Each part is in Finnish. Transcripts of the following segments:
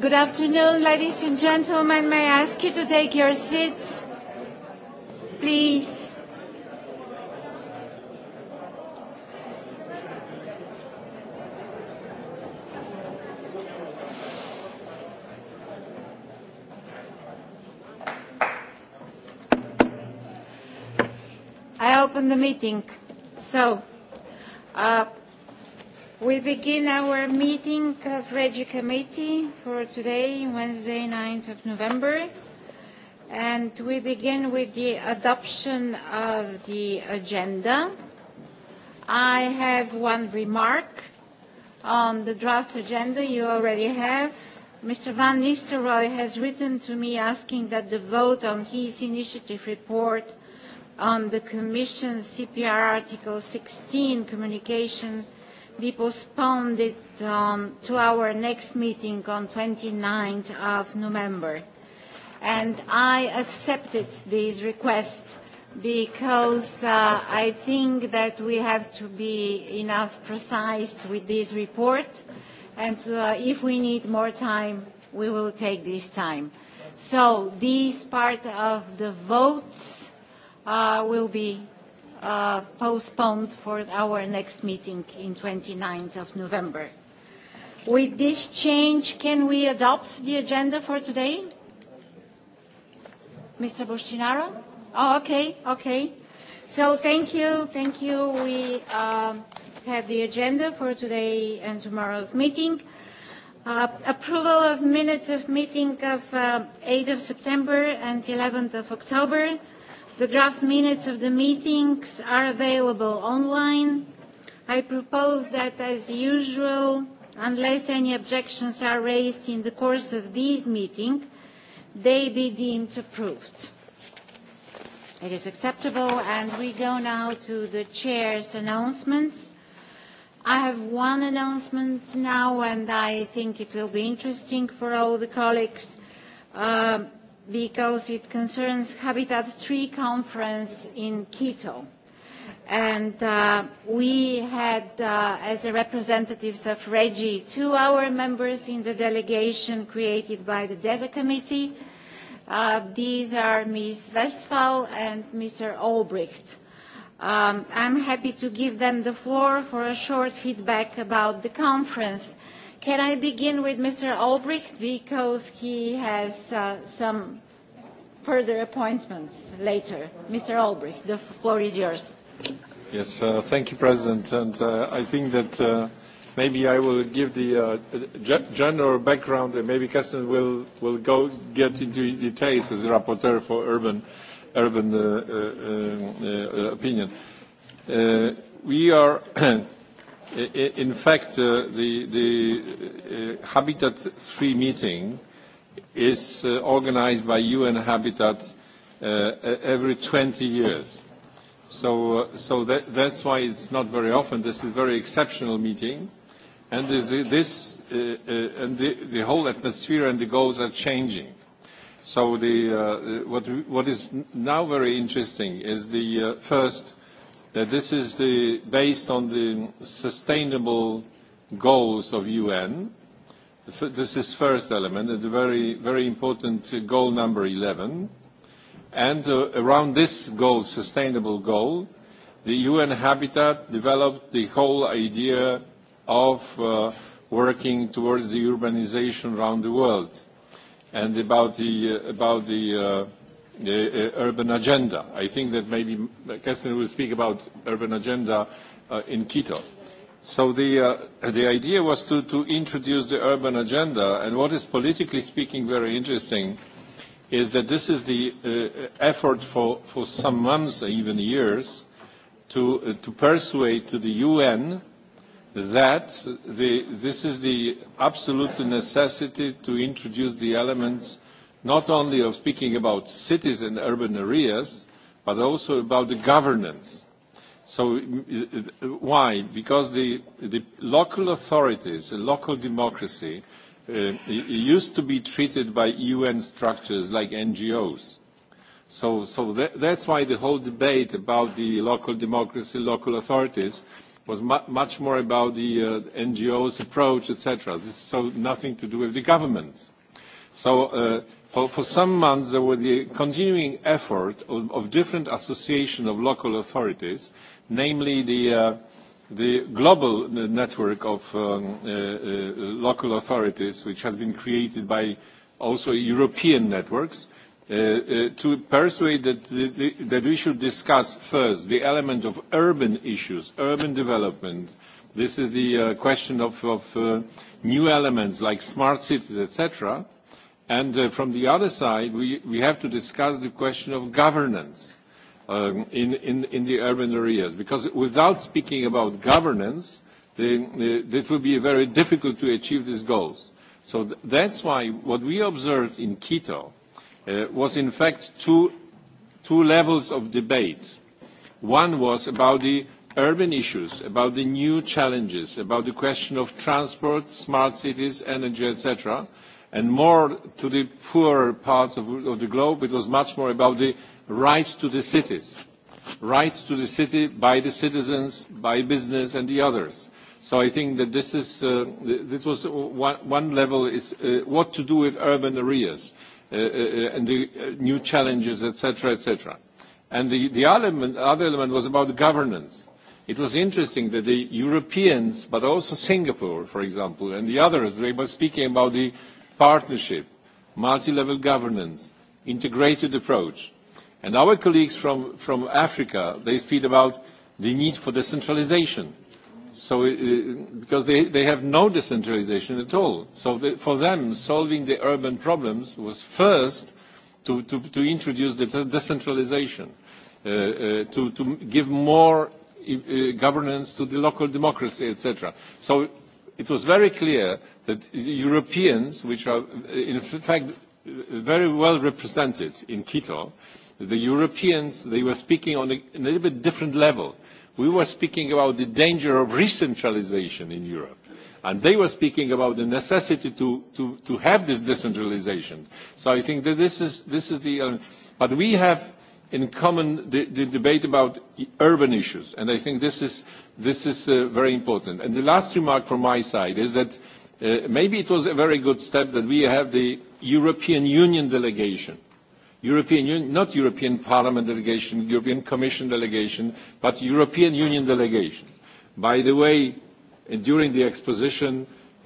Good afternoon, ladies and gentlemen. May I ask you to take your seats, please? I open the meeting. So, uh, We begin our meeting of Regi Committee for today, Wednesday, 9th of November. And we begin with the adoption of the agenda. I have one remark on the draft agenda you already have. Mr. Van Nistelrooy has written to me asking that the vote on his initiative report on the Commission's CPR Article 16 communication we postponed it um, to our next meeting on 29th of November. And I accepted this request because uh, I think that we have to be enough precise with this report. And uh, if we need more time, we will take this time. So this part of the votes uh, will be Uh, postponed for our next meeting in 29th of November. With this change, can we adopt the agenda for today? Mr. Bustinaro? Oh, okay, okay. So thank you, thank you. We um, have the agenda for today and tomorrow's meeting. Uh, approval of minutes of meeting of 8th uh, of September and 11th of October. The draft minutes of the meetings are available online. I propose that, as usual, unless any objections are raised in the course of this meeting, they be deemed approved. It is acceptable, and we go now to the chair's announcements. I have one announcement now, and I think it will be interesting for all the colleagues. Uh, because it concerns Habitat 3 conference in Quito. And uh, we had, uh, as representatives of REGI, two our members in the delegation created by the DEVA committee. Uh, these are Ms. Westphal and Mr. Albrecht. Um, I'm happy to give them the floor for a short feedback about the conference Can I begin with Mr. Albrecht because he has uh, some further appointments later. Mr. Albrecht, the floor is yours. Yes, uh, thank you, President. And uh, I think that uh, maybe I will give the uh, general background, and maybe Kasten will, will go get into details as a rapporteur for urban, urban uh, uh, opinion. We are In fact, uh, the, the uh, Habitat 3 meeting is uh, organized by UN Habitat uh, e, every 20 years. So, uh, so that, that's why it's not very often. This is a very exceptional meeting. And, this, this, uh, uh, and the, the whole atmosphere and the goals are changing. So the, uh, what, what is now very interesting is the uh, first – that this is the, based on the sustainable goals of UN. This is first element, and a very, very important goal number 11. And uh, around this goal, sustainable goal, the UN Habitat developed the whole idea of uh, working towards the urbanization around the world and about the, uh, about the uh, Uh, uh, urban agenda. I think that maybe Kestner will speak about urban agenda uh, in Quito. So the, uh, the idea was to, to introduce the urban agenda, and what is politically speaking very interesting is that this is the uh, uh effort for, for some months, even years, to, uh, to persuade to the UN that the, this is the absolute necessity to introduce the elements not only of speaking about cities and urban areas, but also about the governance. So uh, why? Because the, the local authorities, the local democracy, uh, used to be treated by UN structures like NGOs. So, so that, that's why the whole debate about the local democracy, local authorities, was mu much more about the uh, NGOs' approach, etc. This is so nothing to do with the governments. So uh, For, some months, there were the continuing effort of, different association of local authorities, namely the, uh, global network of um, uh, uh, local authorities, which has been created by also European networks, to persuade that, we should discuss first the element of urban issues, urban development. This is the question of, of new elements like smart cities, et cetera And uh, from the other side, we, have to discuss the question of governance um, in, the urban areas, because without speaking about governance, it will be very difficult to achieve these goals. So that's why what we observed in Quito uh, was in fact two, two levels of debate. One was about the urban issues, about the new challenges, about the question of transport, smart cities, energy, etc and more to the poorer parts of, of the globe. It was much more about the rights to the cities, rights to the city by the citizens, by business and the others. So I think that this is, uh, this was one, one level is uh, what to do with urban areas uh, uh, uh and the uh, new challenges, etc., etc. And the, the element, other element was about governance. It was interesting that the Europeans, but also Singapore, for example, and the others, they were speaking about the partnership, multi-level governance, integrated approach. And our colleagues from, from Africa, they speak about the need for decentralization. So, uh, because they, they have no decentralization at all. So the, for them, solving the urban problems was first to, to, to introduce the decentralization, uh, uh, to, to give more uh, governance to the local democracy, etc. So it was very clear that Europeans, which are in fact very well represented in Quito, the Europeans, they were speaking on a, a little bit different level. We were speaking about the danger of recentralization in Europe and they were speaking about the necessity to, to, to have this decentralization. So I think that this is, this is the Uh, But we have in common the, the debate about urban issues, and I think this is, this is uh, very important. And the last remark from my side is that uh, maybe it was a very good step that we have the European Union delegation. European Union, not European Parliament delegation, European Commission delegation, but European Union delegation. By the way, uh, during the exposition,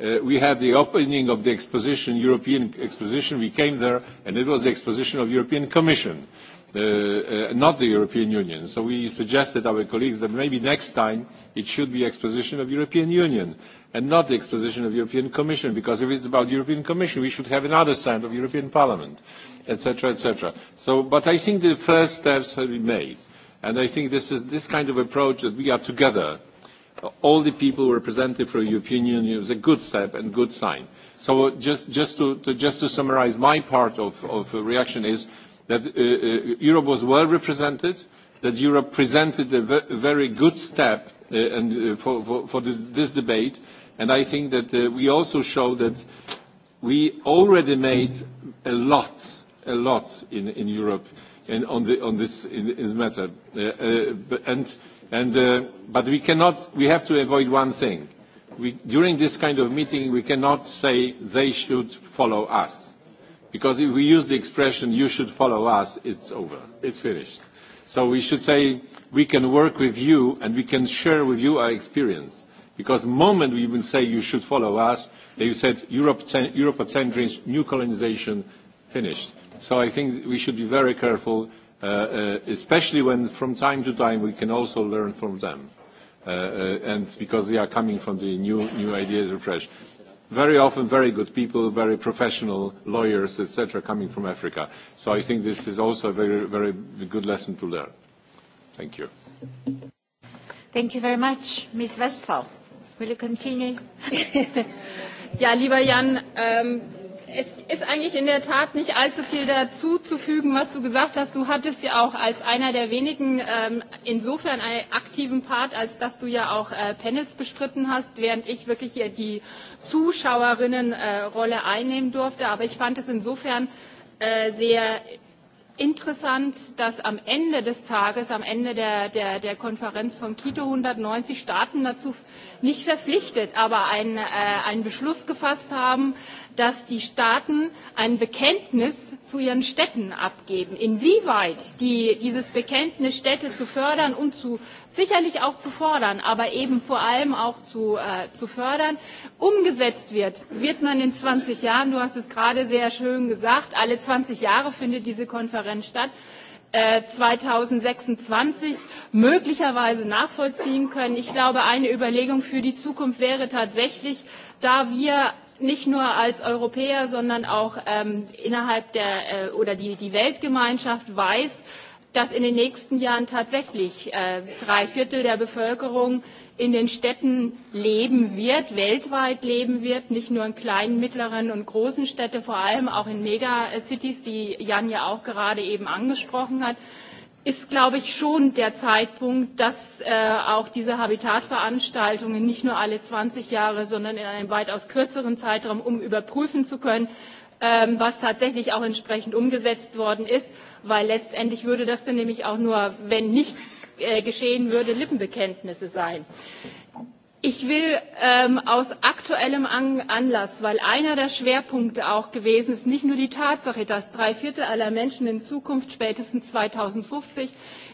Uh, we had the opening of the exposition, European exposition. We came there, and it was the exposition of European Commission uh, uh, not the European Union. So we suggested our colleagues that maybe next time it should be exposition of European Union and not the exposition of European Commission, because if it's about European Commission, we should have another stand of European Parliament, etc., etc. So, but I think the first steps have been made, and I think this is this kind of approach that we are together, all the people represented for the European Union, is a good step and good sign. So just, just, to, to, just to summarize, my part of, of reaction is that uh, uh, Europe was well represented, that Europe presented a very good step uh, and, for, this, debate. And I think that we also show that we already made a lot, a lot in, Europe in, on, this, matter. but we cannot, we have to avoid one thing. during this kind of meeting, we cannot say they should follow us Because if we use the expression, you should follow us, it's over. It's finished. So we should say, we can work with you and we can share with you our experience. Because the moment we even say, you should follow us, they said, Europe, Europocentric, new colonization, finished. So I think we should be very careful, uh, uh, especially when from time to time we can also learn from them. Uh, uh and because they are coming from the new, new ideas afresh very often very good people, very professional lawyers, etc., coming from Africa. So I think this is also a very, very good lesson to learn. Thank you. Thank you very much. Ms. Westphal, will you continue? ja, lieber Jan, ähm es ist eigentlich in der Tat nicht allzu viel dazu zu fügen, was du gesagt hast. Du hattest ja auch als einer der wenigen ähm, insofern einen aktiven Part, als dass du ja auch äh, Panels bestritten hast, während ich wirklich hier die Zuschauerinnenrolle äh, einnehmen durfte. Aber ich fand es insofern äh, sehr interessant, dass am Ende des Tages, am Ende der, der, der Konferenz von Quito 190 Staaten dazu nicht verpflichtet, aber einen, äh, einen Beschluss gefasst haben, dass die Staaten ein Bekenntnis zu ihren Städten abgeben. Inwieweit die, dieses Bekenntnis, Städte zu fördern und zu, sicherlich auch zu fordern, aber eben vor allem auch zu, äh, zu fördern, umgesetzt wird, wird man in 20 Jahren, du hast es gerade sehr schön gesagt, alle 20 Jahre findet diese Konferenz statt, 2026 äh, möglicherweise nachvollziehen können. Ich glaube, eine Überlegung für die Zukunft wäre tatsächlich, da wir nicht nur als Europäer, sondern auch ähm, innerhalb der äh, oder die, die Weltgemeinschaft weiß, dass in den nächsten Jahren tatsächlich äh, drei Viertel der Bevölkerung in den Städten leben wird, weltweit leben wird, nicht nur in kleinen, mittleren und großen Städten, vor allem auch in Megacities, die Jan ja auch gerade eben angesprochen hat ist, glaube ich, schon der Zeitpunkt, dass äh, auch diese Habitatveranstaltungen nicht nur alle 20 Jahre, sondern in einem weitaus kürzeren Zeitraum, um überprüfen zu können, ähm, was tatsächlich auch entsprechend umgesetzt worden ist, weil letztendlich würde das dann nämlich auch nur, wenn nichts äh, geschehen würde, Lippenbekenntnisse sein. Ich will ähm, aus aktuellem An Anlass, weil einer der Schwerpunkte auch gewesen ist, nicht nur die Tatsache, dass drei Viertel aller Menschen in Zukunft spätestens 2050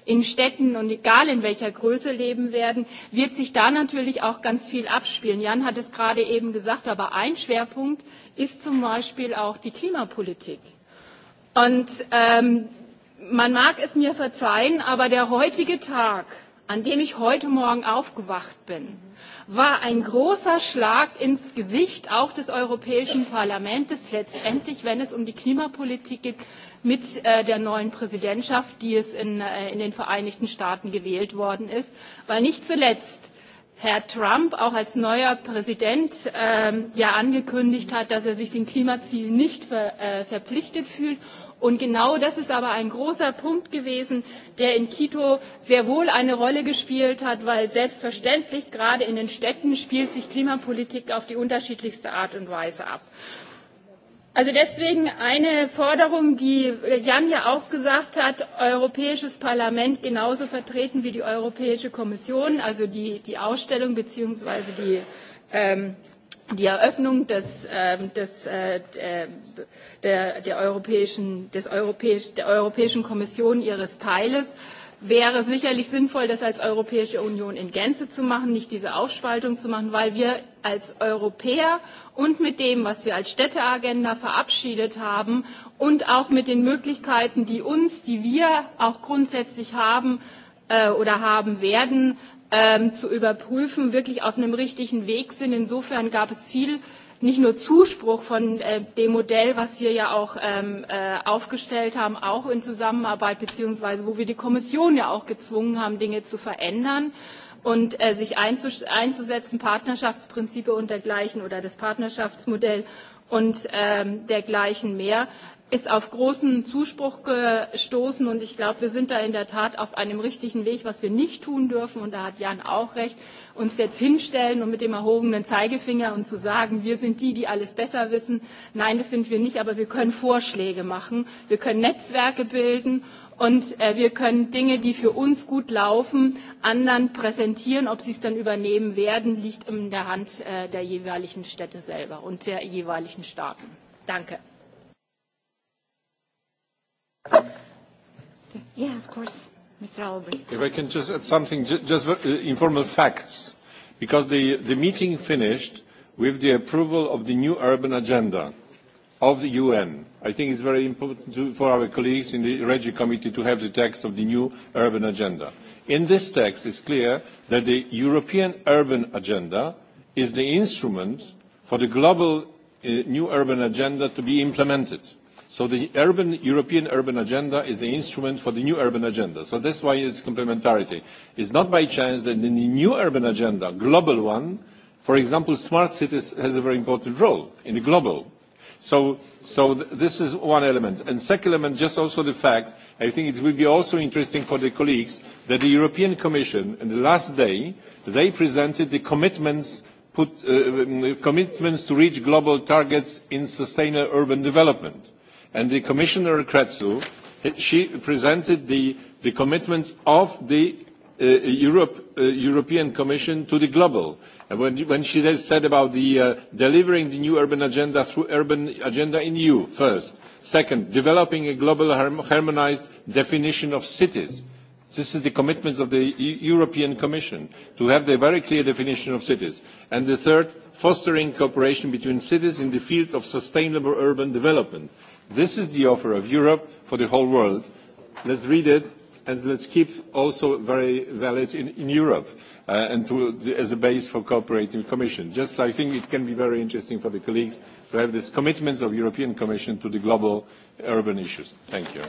in Städten und egal in welcher Größe leben werden, wird sich da natürlich auch ganz viel abspielen. Jan hat es gerade eben gesagt, aber ein Schwerpunkt ist zum Beispiel auch die Klimapolitik. Und ähm, man mag es mir verzeihen, aber der heutige Tag, an dem ich heute Morgen aufgewacht bin, war ein großer Schlag ins Gesicht auch des Europäischen Parlaments letztendlich, wenn es um die Klimapolitik geht, mit äh, der neuen Präsidentschaft, die es in, äh, in den Vereinigten Staaten gewählt worden ist, weil nicht zuletzt Herr Trump auch als neuer Präsident ähm, ja angekündigt hat, dass er sich den Klimazielen nicht ver, äh, verpflichtet fühlt Und genau das ist aber ein großer Punkt gewesen, der in Quito sehr wohl eine Rolle gespielt hat, weil selbstverständlich gerade in den Städten spielt sich Klimapolitik auf die unterschiedlichste Art und Weise ab. Also deswegen eine Forderung, die Jan ja auch gesagt hat, Europäisches Parlament genauso vertreten wie die Europäische Kommission, also die, die Ausstellung bzw. die ähm, die Eröffnung des, ähm, äh, des, äh, der, der, europäischen, des Europäisch, der Europäischen Kommission ihres Teiles wäre sicherlich sinnvoll, das als Europäische Union in Gänze zu machen, nicht diese Aufspaltung zu machen, weil wir als Europäer und mit dem, was wir als Städteagenda verabschiedet haben und auch mit den Möglichkeiten, die uns, die wir auch grundsätzlich haben äh, oder haben werden, ähm, zu überprüfen, wirklich auf einem richtigen Weg sind. Insofern gab es viel nicht nur Zuspruch von äh, dem Modell, was wir ja auch ähm, äh, aufgestellt haben, auch in Zusammenarbeit, beziehungsweise wo wir die Kommission ja auch gezwungen haben, Dinge zu verändern und äh, sich einzusetzen, Partnerschaftsprinzipe und dergleichen oder das Partnerschaftsmodell und ähm, dergleichen mehr ist auf großen Zuspruch gestoßen und ich glaube, wir sind da in der Tat auf einem richtigen Weg, was wir nicht tun dürfen, und da hat Jan auch recht, uns jetzt hinstellen und mit dem erhobenen Zeigefinger und zu sagen, wir sind die, die alles besser wissen. Nein, das sind wir nicht, aber wir können Vorschläge machen, wir können Netzwerke bilden und äh, wir können Dinge, die für uns gut laufen, anderen präsentieren. Ob sie es dann übernehmen werden, liegt in der Hand äh, der jeweiligen Städte selber und der jeweiligen Staaten. Danke. Yeah, of course. Mr. Albrecht. If I can just add something, just, uh, informal facts, because the, the meeting finished with the approval of the new urban agenda of the UN. I think it's very important to, for our colleagues in the Regi Committee to have the text of the new urban agenda. In this text, it's clear that the European urban agenda is the instrument for the global uh, new urban agenda to be implemented So the urban, European urban agenda is the instrument for the new urban agenda. So that's why it's complementarity. It's not by chance that in the new urban agenda, global one, for example, smart cities has a very important role in the global. So, so th this is one element. And second element, just also the fact, I think it will be also interesting for the colleagues, that the European Commission, in the last day, they presented the commitments put uh, um, commitments to reach global targets in sustainable urban development and the Commissioner Creu, she presented the, commitments of the uh, uh, European Commission to the global. And when, she said about uh, delivering the new urban agenda through urban agenda in you e first, second, developing a global harmonised definition of cities. This is the commitments of the e, European Commission to have the very clear definition of cities. And the third, fostering cooperation between cities in the field of sustainable urban development This is the offer of Europe for the whole world. Let's read it and let's keep also very valid in, in Europe uh, and to, the, as a base for cooperating with Commission. Just I think it can be very interesting for the colleagues to have these commitments of European Commission to the global urban issues. Thank you.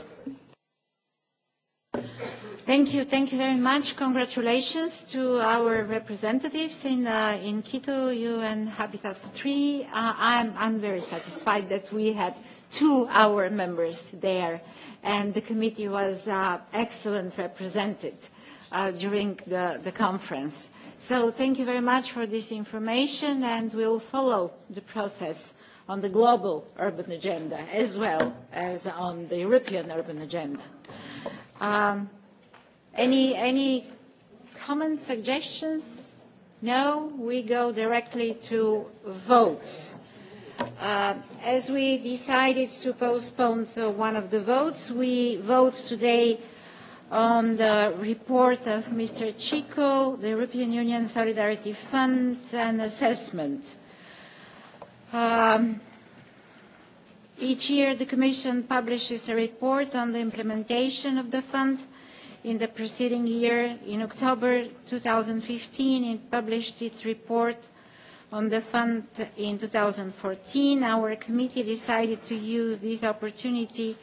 Thank you. Thank you very much. Congratulations to our representatives in, uh, in Quito, UN Habitat 3. Uh, I'm, I'm very satisfied that we had to our members there, and the committee was uh, excellent represented uh, during the, the conference. So thank you very much for this information, and we'll follow the process on the global urban agenda as well as on the European urban agenda. Um, any, any comments, suggestions? No, we go directly to votes. Uh, as we decided to postpone to uh, one of the votes, we vote today on the report of Mr. Chico, the European Union Solidarity Fund and assessment. Um, each year, the Commission publishes a report on the implementation of the fund. In the preceding year, in October 2015, it published its report – on the fund in 2014, our committee decided to use this opportunity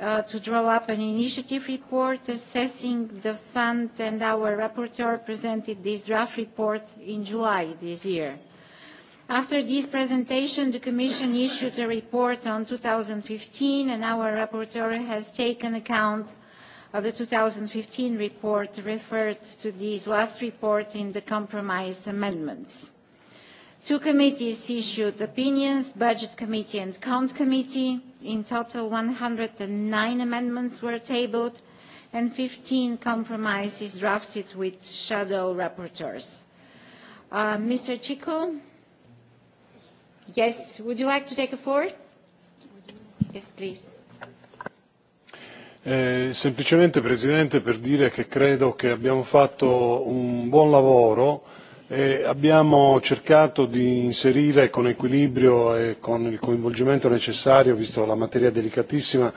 uh, to draw up an initiative report assessing the fund, and our rapporteur presented this draft report in July this year. After this presentation, the Commission issued a report on 2015, and our rapporteur has taken account of the 2015 report referred to this last report in the compromise amendments. Two committees issued opinions, Budget Committee and Count Committee. In total, 109 amendments were tabled and 15 compromises drafted with shadow rapporteurs. Uh, Mr. Chico? Yes, would you like to take the floor? Yes, please. Eh, semplicemente, Presidente, per dire che credo che abbiamo fatto un buon lavoro Eh, abbiamo cercato di inserire con equilibrio e con il coinvolgimento necessario, visto la materia delicatissima,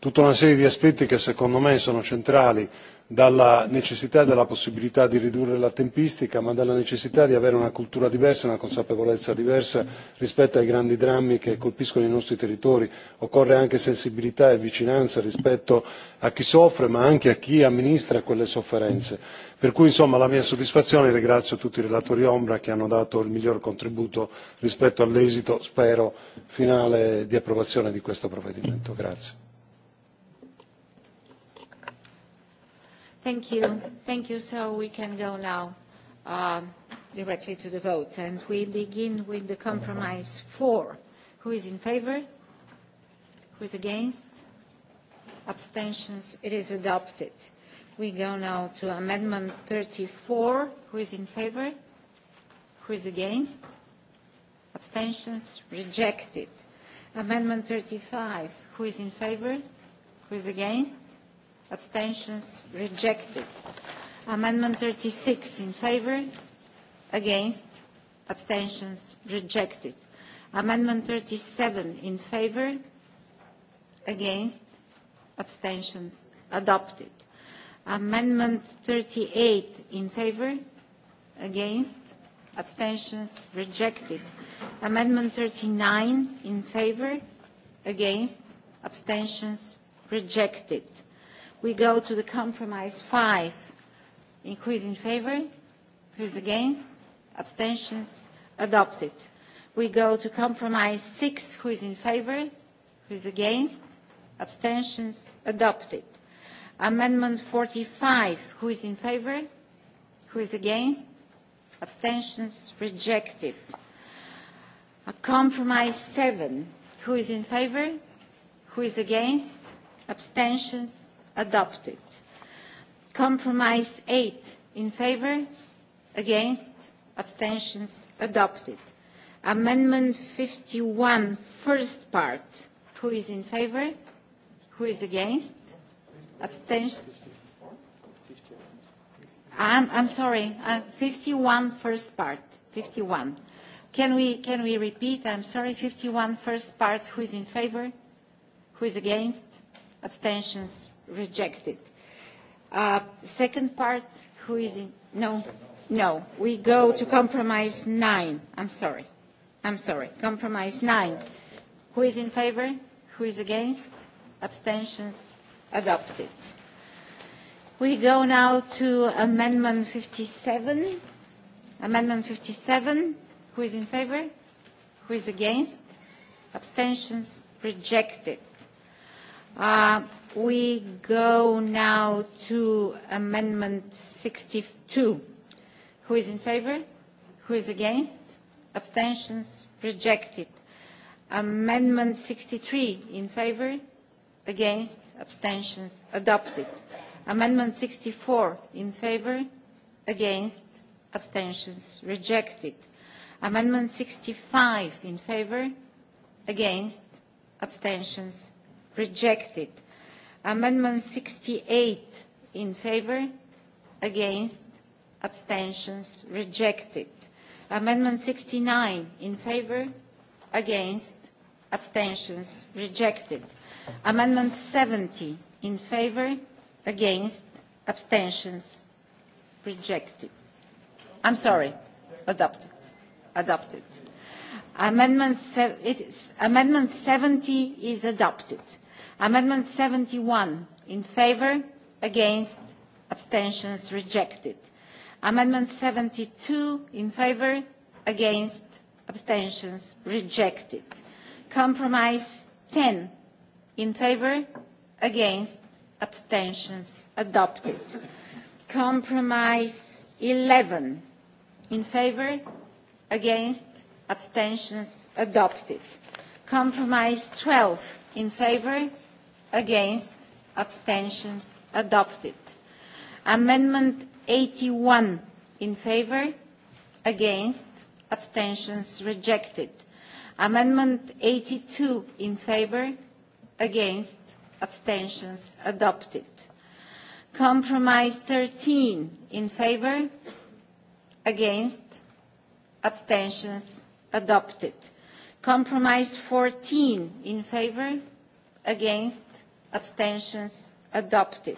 tutta una serie di aspetti che secondo me sono centrali dalla necessità e dalla possibilità di ridurre la tempistica ma dalla necessità di avere una cultura diversa e una consapevolezza diversa rispetto ai grandi drammi che colpiscono i nostri territori occorre anche sensibilità e vicinanza rispetto a chi soffre ma anche a chi amministra quelle sofferenze per cui insomma la mia soddisfazione e ringrazio tutti i relatori ombra che hanno dato il miglior contributo rispetto all'esito spero finale di approvazione di questo provvedimento. Thank you. Thank you. So we can go now uh, directly to the vote. And we begin with the compromise four. Who is in favor? Who is against? Abstentions? It is adopted. We go now to amendment 34. Who is in favor? Who is against? Abstentions? Rejected. Amendment 35. Who is in favor? Who is against? abstentions rejected amendment 36 in favor against abstentions rejected amendment 37 in favor against abstentions adopted amendment 38 in favor against abstentions rejected amendment 39 in favor against abstentions rejected We go to the compromise five. Who is in favor? Who is against? Abstentions? Adopted. We go to compromise six. Who is in favor? Who is against? Abstentions? Adopted. Amendment 45. Who is in favor? Who is against? Abstentions? Rejected. A compromise seven. Who is in favor? Who is against? Abstentions? adopted. Compromise 8 in favor, against, abstentions adopted. Amendment 51, first part. Who is in favor? Who is against? Abstention? I'm, I'm sorry, uh, 51 first part, 51. Can we, can we repeat? I'm sorry, 51 first part. Who is in favor? Who is against? Abstentions rejected. Uh, second part, who is in? No, no. We go to compromise nine. I'm sorry. I'm sorry. Compromise nine. Who is in favor? Who is against? Abstentions adopted. We go now to Amendment 57. Amendment 57. Who is in favor? Who is against? Abstentions rejected. Uh, we go now to amendment 62. Who is in favor? Who is against? Abstentions? Rejected. Amendment 63 in favor? Against? Abstentions? Adopted. Amendment 64 in favor? Against? Abstentions? Rejected. Amendment 65 in favor? Against? Abstentions? rejected. Amendment 68 in favor, against, abstentions, rejected. Amendment 69 in favor, against, abstentions, rejected. Amendment 70 in favor, against, abstentions, rejected. I'm sorry, adopted. Adopted. Amendment, se it is, amendment 70 is adopted. Amendment 71 in favor, against, abstentions rejected. Amendment 72 in favor, against, abstentions rejected. Compromise 10 in favor, against, abstentions adopted. Compromise 11 in favor, against, abstentions adopted. Compromise 12 in favor against abstentions adopted amendment 81 in favor against abstentions rejected amendment 82 in favor against abstentions adopted compromise 13 in favor against abstentions adopted Compromise 14 in favor, against, abstentions adopted.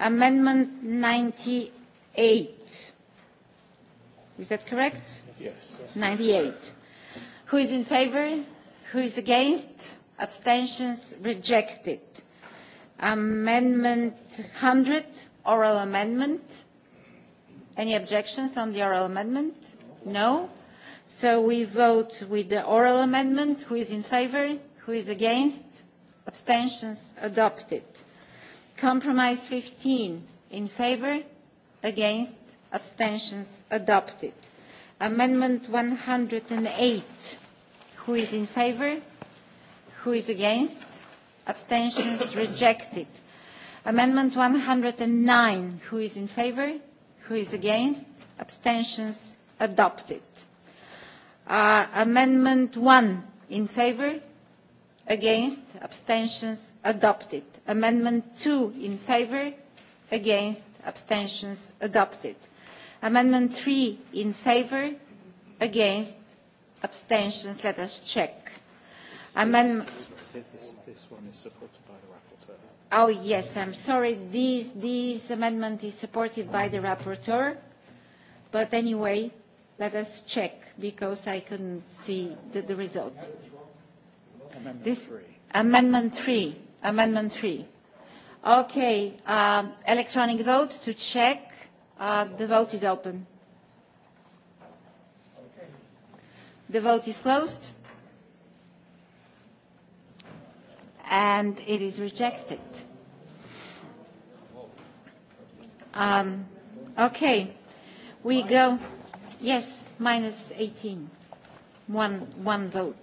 Amendment 98. Is that correct? Yes. 98. Who is in favor? Who is against? Abstentions rejected. Amendment 100, oral amendment. Any objections on the oral amendment? No? So we vote with the oral amendment. Who is in favor? Who is against? Abstentions? Adopted. Compromise 15. In favor? Against? Abstentions? Adopted. Amendment 108. Who is in favor? Who is against? Abstentions? Rejected. Amendment 109. Who is in favor? Who is against? Abstentions? Adopted. Uh, amendment 1 in favor, against, abstentions, adopted. Amendment 2 in favor, against, abstentions, adopted. Amendment 3 in favor, against, abstentions, let us check. Amendment... Oh, yes, I'm sorry. This, this amendment is supported by the rapporteur. But anyway, Let us check because I couldn't see the, result. Amendment this three. amendment three. Amendment three. Okay, um, electronic vote to check. Uh, the vote is open. The vote is closed. And it is rejected. Um, okay, we go. Yes, minus 18. One, one vote.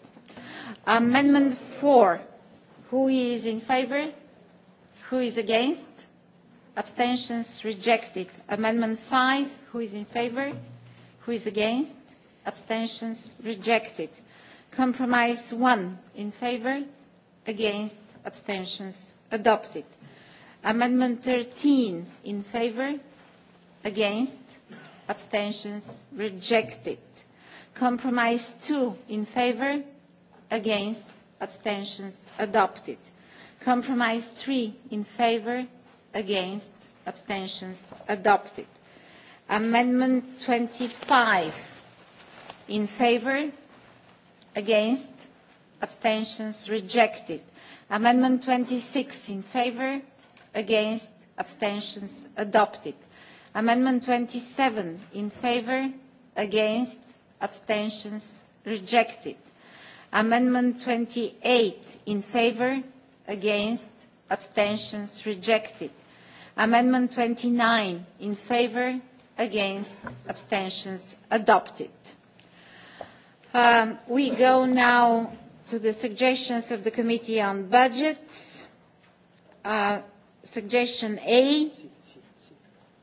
Amendment four, Who is in favor? Who is against? Abstentions rejected. Amendment five, Who is in favor? Who is against? Abstentions rejected. Compromise one In favor? Against? Abstentions adopted. Amendment 13. In favor? Against? abstentions rejected compromise 2 in favor against abstentions adopted compromise 3 in favor against abstentions adopted amendment 25 in favor against abstentions rejected amendment 26 in favor against abstentions adopted Amendment 27 in favor, against, abstentions, rejected. Amendment 28 in favor, against, abstentions, rejected. Amendment 29 in favor, against, abstentions, adopted. Um, we go now to the suggestions of the Committee on Budgets. Uh, suggestion A.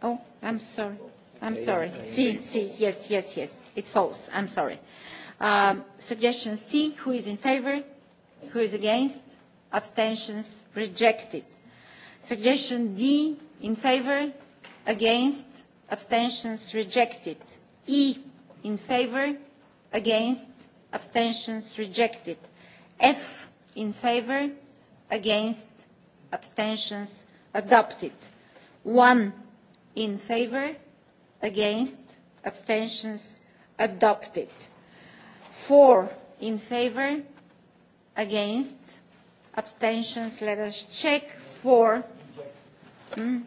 Oh, I'm sorry. I'm sorry. C, C, yes, yes, yes. It's false. I'm sorry. Um, suggestion C, who is in favor? Who is against? Abstentions rejected. Suggestion D, in favor? Against? Abstentions rejected. E, in favor? Against? Abstentions rejected. F, in favor? Against? Abstentions adopted. One in favor against abstentions adopted four in favor against abstentions let us check four mm,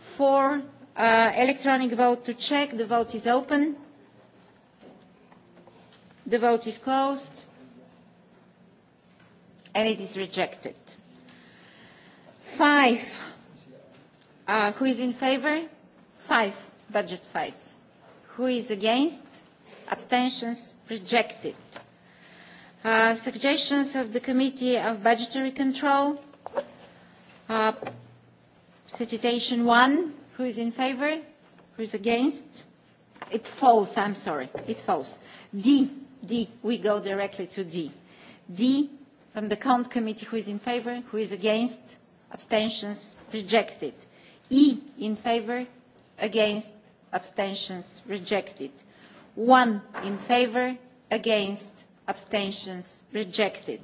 four uh, electronic vote to check the vote is open the vote is closed and it is rejected five uh, who is in favor 5, budget 5. Who is against? Abstentions rejected. Uh, suggestions of the Committee of Budgetary Control. Uh, citation 1. Who is in favor? Who is against? It falls, I'm sorry. It falls. D. D. We go directly to D. D from the Count Committee. Who is in favor? Who is against? Abstentions rejected. E in favor? against abstentions rejected one in favor against abstentions rejected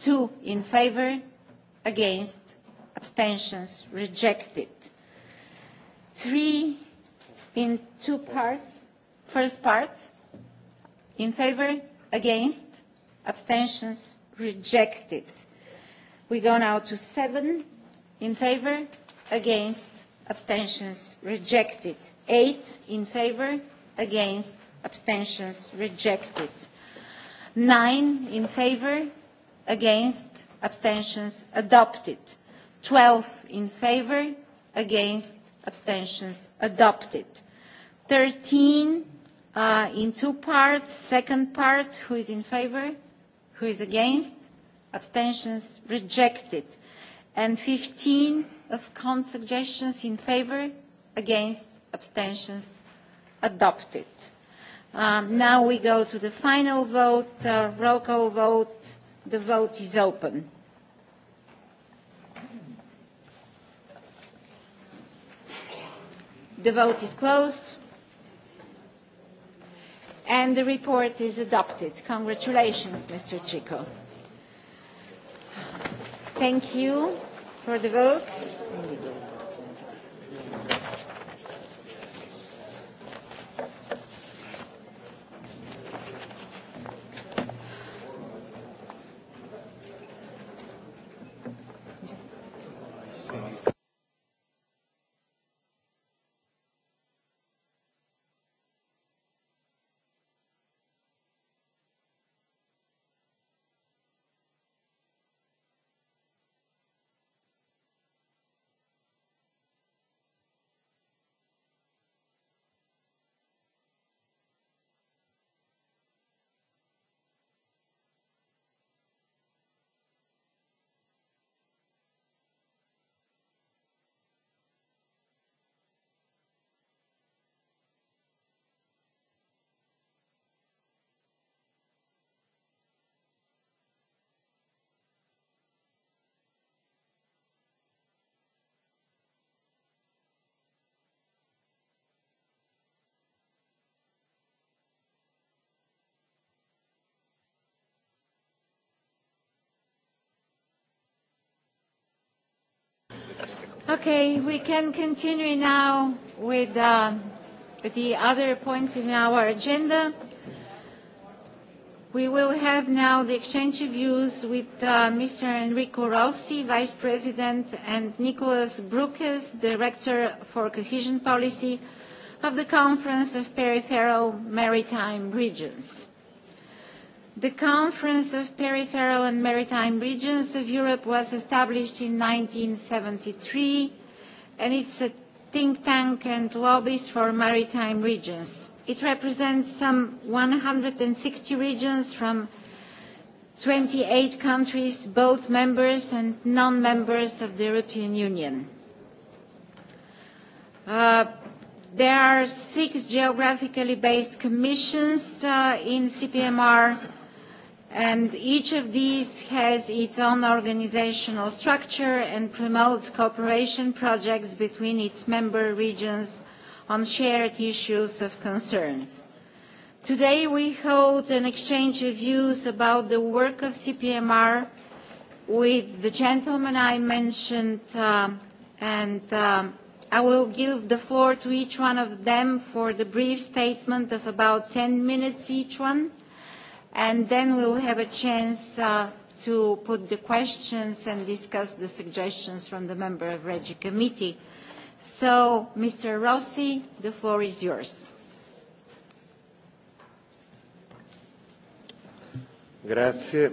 two in favor against abstentions rejected three in two parts first part in favor against abstentions rejected we go now to seven in favor against abstentions rejected. eight in favor, against, abstentions rejected. nine in favor, against, abstentions adopted. 12 in favor, against, abstentions adopted. 13 uh, in two parts. Second part, who is in favor? Who is against? Abstentions rejected and 15 of count suggestions in favor, against, abstentions adopted. Um, now we go to the final vote, uh, roll call vote. The vote is open. The vote is closed. And the report is adopted. Congratulations, Mr. Chico. Thank you for the votes. Okay, we can continue now with uh, the other points in our agenda. We will have now the exchange of views with uh, Mr. Enrico Rossi, Vice President, and Nicholas Broekes, Director for Cohesion Policy of the Conference of Peripheral Maritime Regions. The Conference of Peripheral and Maritime Regions of Europe was established in 1973, and it's a think tank and lobbies for maritime regions. It represents some 160 regions from 28 countries, both members and non-members of the European Union. Uh, there are six geographically based commissions uh, in CPMR and each of these has its own organizational structure and promotes cooperation projects between its member regions on shared issues of concern. Today we hold an exchange of views about the work of CPMR with the gentleman I mentioned um, and um, I will give the floor to each one of them for the brief statement of about 10 minutes each one and then we will have a chance uh, to put the questions and discuss the suggestions from the member of Regi Committee. So, Mr. Rossi, the floor is yours. Grazie,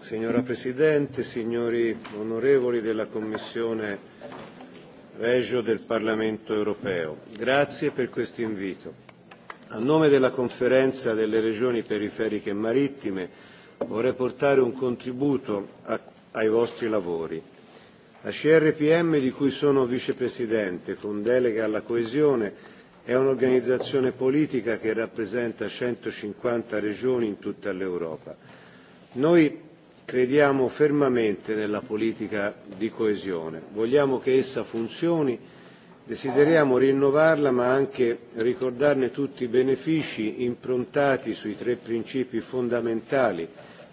signora Presidente, signori onorevoli della Commissione Regio del Parlamento europeo. Grazie per questo invito A nome della Conferenza delle Regioni Periferiche e Marittime vorrei portare un contributo a, ai vostri lavori. La CRPM, di cui sono vicepresidente, con delega alla coesione, è un'organizzazione politica che rappresenta 150 regioni in tutta l'Europa. Noi crediamo fermamente nella politica di coesione, vogliamo che essa funzioni Desideriamo rinnovarla ma anche ricordarne tutti i benefici improntati sui tre principi fondamentali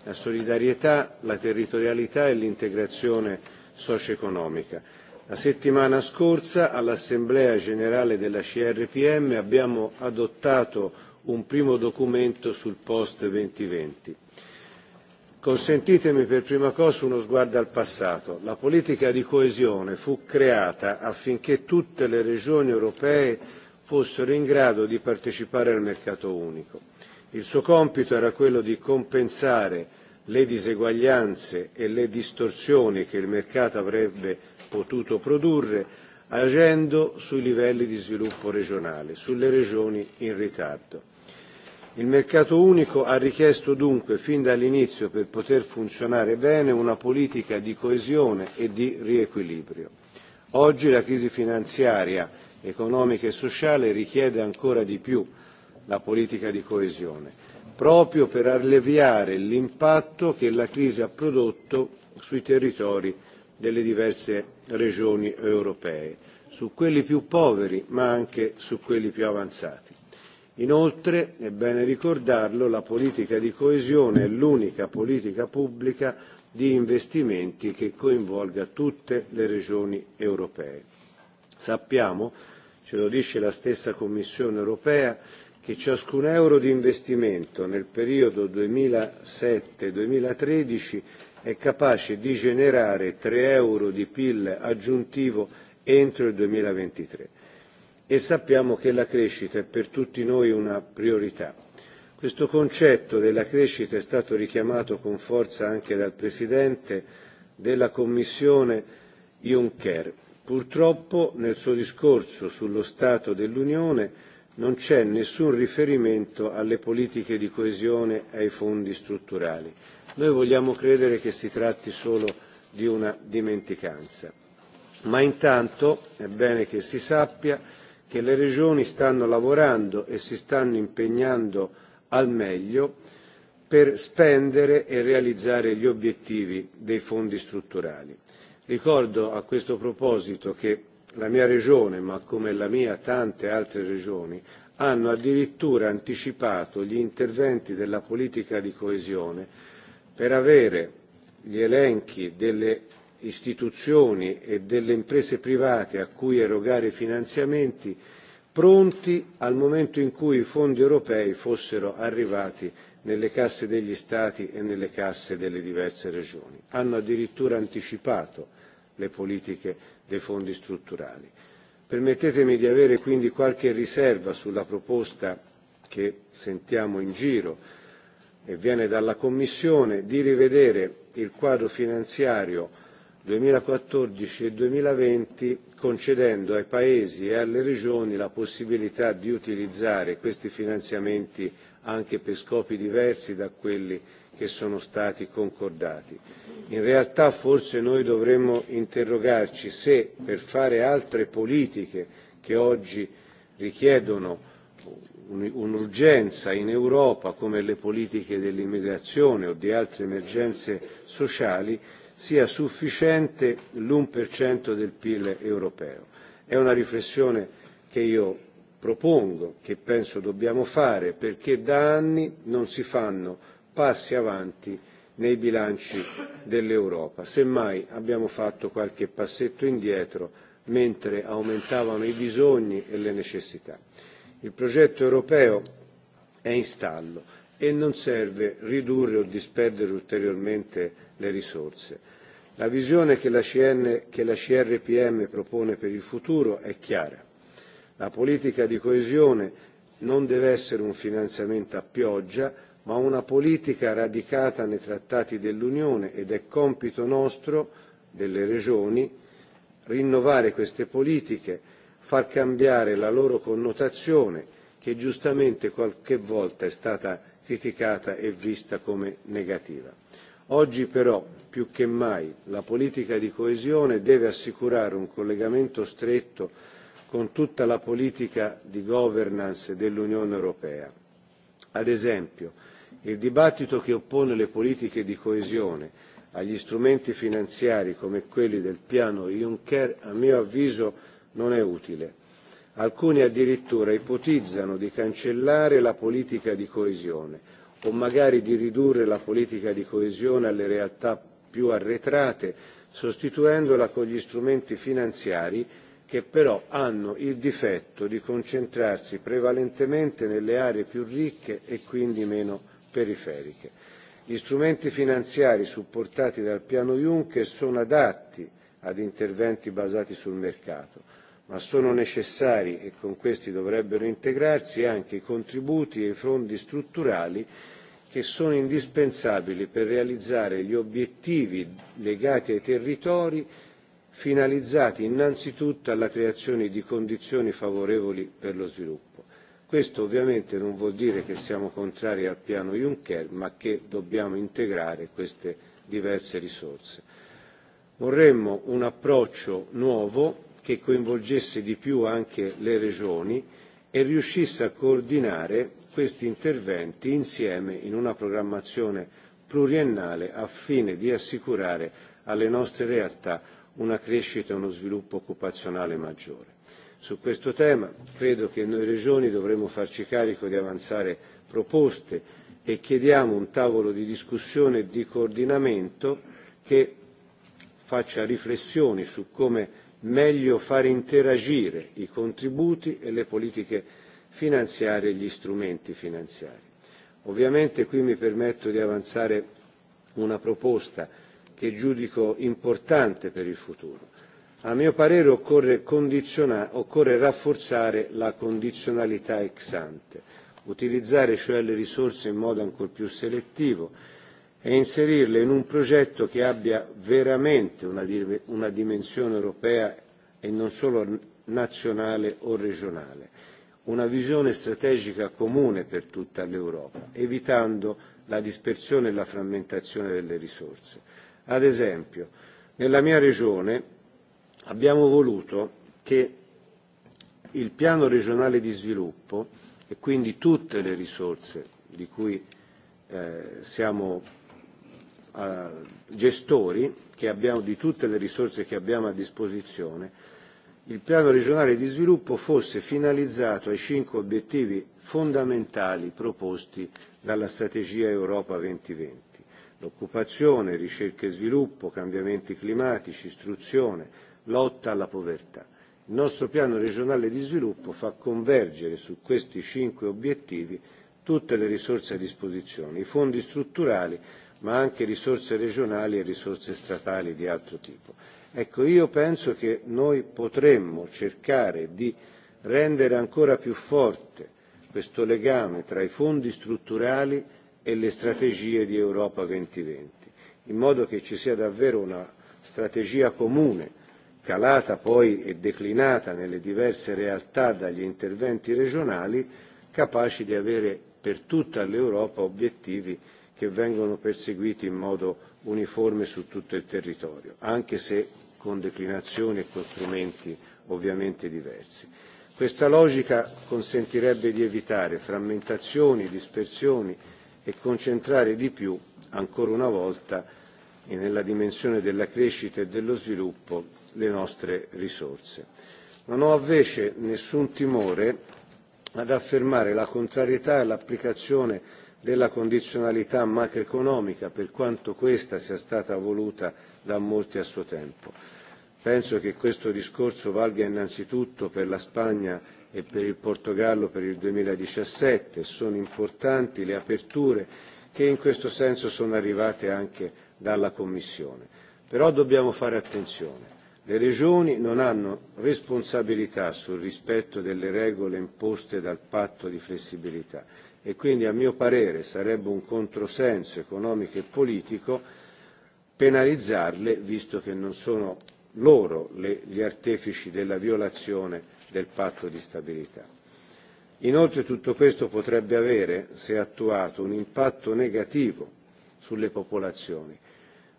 la solidarietà, la territorialità e l'integrazione socio-economica. La settimana scorsa all'Assemblea generale della CRPM abbiamo adottato un primo documento sul post 2020 Consentitemi per prima cosa uno sguardo al passato. La politica di coesione fu creata affinché tutte le regioni europee fossero in grado di partecipare al mercato unico. Il suo compito era quello di compensare le diseguaglianze e le distorsioni che il mercato avrebbe potuto produrre agendo sui livelli di sviluppo regionale, sulle regioni in ritardo Il mercato unico ha richiesto dunque fin dall'inizio, per poter funzionare bene, una politica di coesione e di riequilibrio. Oggi la crisi finanziaria, economica e sociale richiede ancora di più la politica di coesione, proprio per alleviare l'impatto che la crisi ha prodotto sui territori delle diverse regioni europee, su quelli più poveri ma anche su quelli più avanzati Inoltre, è bene ricordarlo, la politica di coesione è l'unica politica pubblica di investimenti che coinvolga tutte le regioni europee. Sappiamo, ce lo dice la stessa Commissione europea, che ciascun euro di investimento nel periodo 2007-2013 è capace di generare 3 euro di PIL aggiuntivo entro il 2023 e sappiamo che la crescita è per tutti noi una priorità. Questo concetto della crescita è stato richiamato con forza anche dal Presidente della Commissione Juncker. Purtroppo nel suo discorso sullo Stato dell'Unione non c'è nessun riferimento alle politiche di coesione e ai fondi strutturali. Noi vogliamo credere che si tratti solo di una dimenticanza. Ma intanto è bene che si sappia che le regioni stanno lavorando e si stanno impegnando al meglio per spendere e realizzare gli obiettivi dei fondi strutturali. Ricordo a questo proposito che la mia regione, ma come la mia tante altre regioni, hanno addirittura anticipato gli interventi della politica di coesione per avere gli elenchi delle istituzioni e delle imprese private a cui erogare finanziamenti pronti al momento in cui i fondi europei fossero arrivati nelle casse degli Stati e nelle casse delle diverse regioni. Hanno addirittura anticipato le politiche dei fondi strutturali. Permettetemi di avere quindi qualche riserva sulla proposta che sentiamo in giro e viene dalla Commissione di rivedere il quadro finanziario duemilaquattordici e duemilaventi concedendo ai paesi e alle regioni la possibilità di utilizzare questi finanziamenti anche per scopi diversi da quelli che sono stati concordati. In realtà forse noi dovremmo interrogarci se per fare altre politiche che oggi richiedono un'urgenza in Europa come le politiche dell'immigrazione o di altre emergenze sociali sia sufficiente l'1% del PIL europeo. È una riflessione che io propongo, che penso dobbiamo fare, perché da anni non si fanno passi avanti nei bilanci dell'Europa. Semmai abbiamo fatto qualche passetto indietro mentre aumentavano i bisogni e le necessità. Il progetto europeo è in stallo e non serve ridurre o disperdere ulteriormente le risorse. La visione che la, CN, che la CRPM propone per il futuro è chiara. La politica di coesione non deve essere un finanziamento a pioggia, ma una politica radicata nei trattati dell'Unione ed è compito nostro, delle regioni, rinnovare queste politiche, far cambiare la loro connotazione, che giustamente qualche volta è stata criticata e vista come negativa. Oggi però, più che mai, la politica di coesione deve assicurare un collegamento stretto con tutta la politica di governance dell'Unione europea. Ad esempio, il dibattito che oppone le politiche di coesione agli strumenti finanziari come quelli del piano Juncker, a mio avviso, non è utile. Alcuni addirittura ipotizzano di cancellare la politica di coesione o magari di ridurre la politica di coesione alle realtà più arretrate, sostituendola con gli strumenti finanziari che però hanno il difetto di concentrarsi prevalentemente nelle aree più ricche e quindi meno periferiche. Gli strumenti finanziari supportati dal piano Juncker sono adatti ad interventi basati sul mercato, ma sono necessari e con questi dovrebbero integrarsi anche i contributi e i fondi strutturali che sono indispensabili per realizzare gli obiettivi legati ai territori finalizzati innanzitutto alla creazione di condizioni favorevoli per lo sviluppo. Questo ovviamente non vuol dire che siamo contrari al piano Juncker, ma che dobbiamo integrare queste diverse risorse. Vorremmo un approccio nuovo che coinvolgesse di più anche le regioni e riuscisse a coordinare questi interventi insieme in una programmazione pluriennale a fine di assicurare alle nostre realtà una crescita e uno sviluppo occupazionale maggiore. Su questo tema credo che noi regioni dovremmo farci carico di avanzare proposte e chiediamo un tavolo di discussione e di coordinamento che faccia riflessioni su come meglio far interagire i contributi e le politiche finanziarie e gli strumenti finanziari. Ovviamente qui mi permetto di avanzare una proposta che giudico importante per il futuro. A mio parere occorre, occorre rafforzare la condizionalità ex ante, utilizzare cioè le risorse in modo ancor più selettivo, e inserirle in un progetto che abbia veramente una, dimensione europea e non solo nazionale o regionale, una visione strategica comune per tutta l'Europa, evitando la dispersione e la frammentazione delle risorse. Ad esempio, nella mia regione abbiamo voluto che il piano regionale di sviluppo e quindi tutte le risorse di cui eh, siamo Eh, gestori che abbiamo, di tutte le risorse che abbiamo a disposizione, il piano regionale di sviluppo fosse finalizzato ai cinque obiettivi fondamentali proposti dalla strategia Europa 2020. L'occupazione, ricerca e sviluppo, cambiamenti climatici, istruzione, lotta alla povertà. Il nostro piano regionale di sviluppo fa convergere su questi cinque obiettivi tutte le risorse a disposizione, i fondi strutturali ma anche risorse regionali e risorse statali di altro tipo. Ecco, io penso che noi potremmo cercare di rendere ancora più forte questo legame tra i fondi strutturali e le strategie di Europa 2020, in modo che ci sia davvero una strategia comune calata poi e declinata nelle diverse realtà dagli interventi regionali, capaci di avere per tutta l'Europa obiettivi che vengono perseguiti in modo uniforme su tutto il territorio, anche se con declinazioni e con strumenti ovviamente diversi. Questa logica consentirebbe di evitare frammentazioni, dispersioni e concentrare di più, ancora una volta, nella dimensione della crescita e dello sviluppo, le nostre risorse. Non ho invece nessun timore ad affermare la contrarietà all'applicazione della condizionalità macroeconomica, per quanto questa sia stata voluta da molti a suo tempo. Penso che questo discorso valga innanzitutto per la Spagna e per il Portogallo per il 2017. Sono importanti le aperture che in questo senso sono arrivate anche dalla Commissione. Però dobbiamo fare attenzione. Le regioni non hanno responsabilità sul rispetto delle regole imposte dal patto di flessibilità e quindi a mio parere sarebbe un controsenso economico e politico penalizzarle visto che non sono loro le, gli artefici della violazione del patto di stabilità. Inoltre tutto questo potrebbe avere, se attuato, un impatto negativo sulle popolazioni.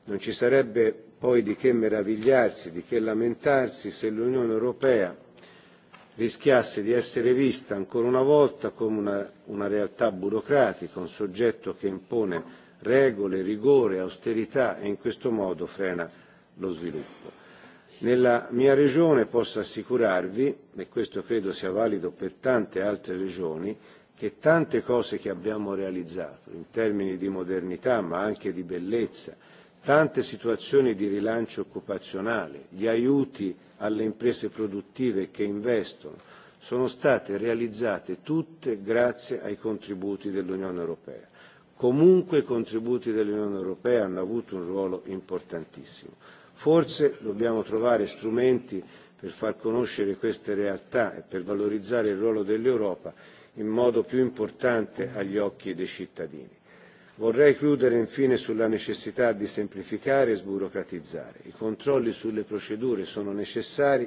Non ci sarebbe poi di che meravigliarsi, di che lamentarsi se l'Unione Europea rischiasse di essere vista ancora una volta come una, una realtà burocratica, un soggetto che impone regole, rigore, austerità e in questo modo frena lo sviluppo. Nella mia regione posso assicurarvi, e questo credo sia valido per tante altre regioni, che tante cose che abbiamo realizzato in termini di modernità ma anche di bellezza, tante situazioni di rilancio occupazionale, gli aiuti alle imprese produttive che investono, sono state realizzate tutte grazie ai contributi dell'Unione Europea. Comunque i contributi dell'Unione Europea hanno avuto un ruolo importantissimo. Forse dobbiamo trovare strumenti per far conoscere queste realtà e per valorizzare il ruolo dell'Europa in modo più importante agli occhi dei cittadini. Vorrei chiudere infine sulla necessità di semplificare e sburocratizzare. I controlli sulle procedure sono necessari,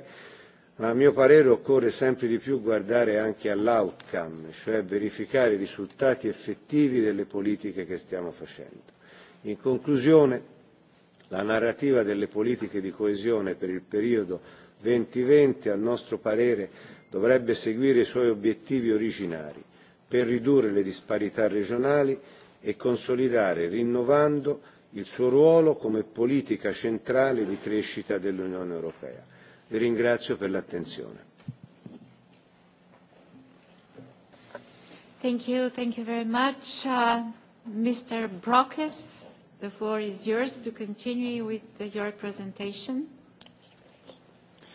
ma a mio parere occorre sempre di più guardare anche all'outcome, cioè verificare i risultati effettivi delle politiche che stiamo facendo. In conclusione, la narrativa delle politiche di coesione per il periodo 2020, a nostro parere, dovrebbe seguire i suoi obiettivi originari per ridurre le disparità regionali e consolidare rinnovando il suo ruolo come politica centrale di crescita dell'Unione Europea. Vi ringrazio per l'attenzione. Thank you. Thank you very much. Uh, Mr. Brockes, the floor is yours to continue with the, your presentation.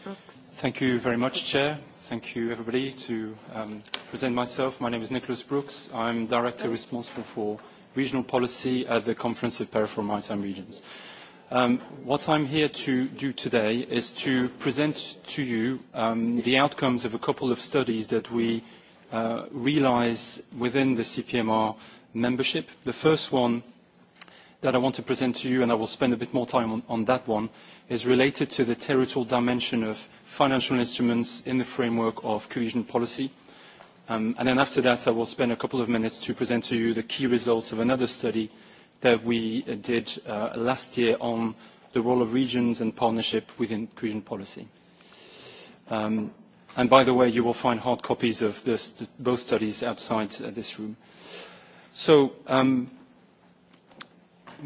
Brooks. Thank you very much, Chair. Thank you, everybody, to um, present myself. My name is Nicholas Brooks. I'm Director responsible for regional policy at the Conference of Peripheral Maritime Regions. Um, what I'm here to do today is to present to you um, the outcomes of a couple of studies that we uh, realize within the CPMR membership. The first one that I want to present to you, and I will spend a bit more time on, on that one, is related to the territorial dimension of financial instruments in the framework of cohesion policy. Um, and then after that, I will spend a couple of minutes to present to you the key results of another study that we uh, did uh, last year on the role of regions and partnership within cohesion policy. Um, and by the way, you will find hard copies of this, both studies outside uh, this room. So um,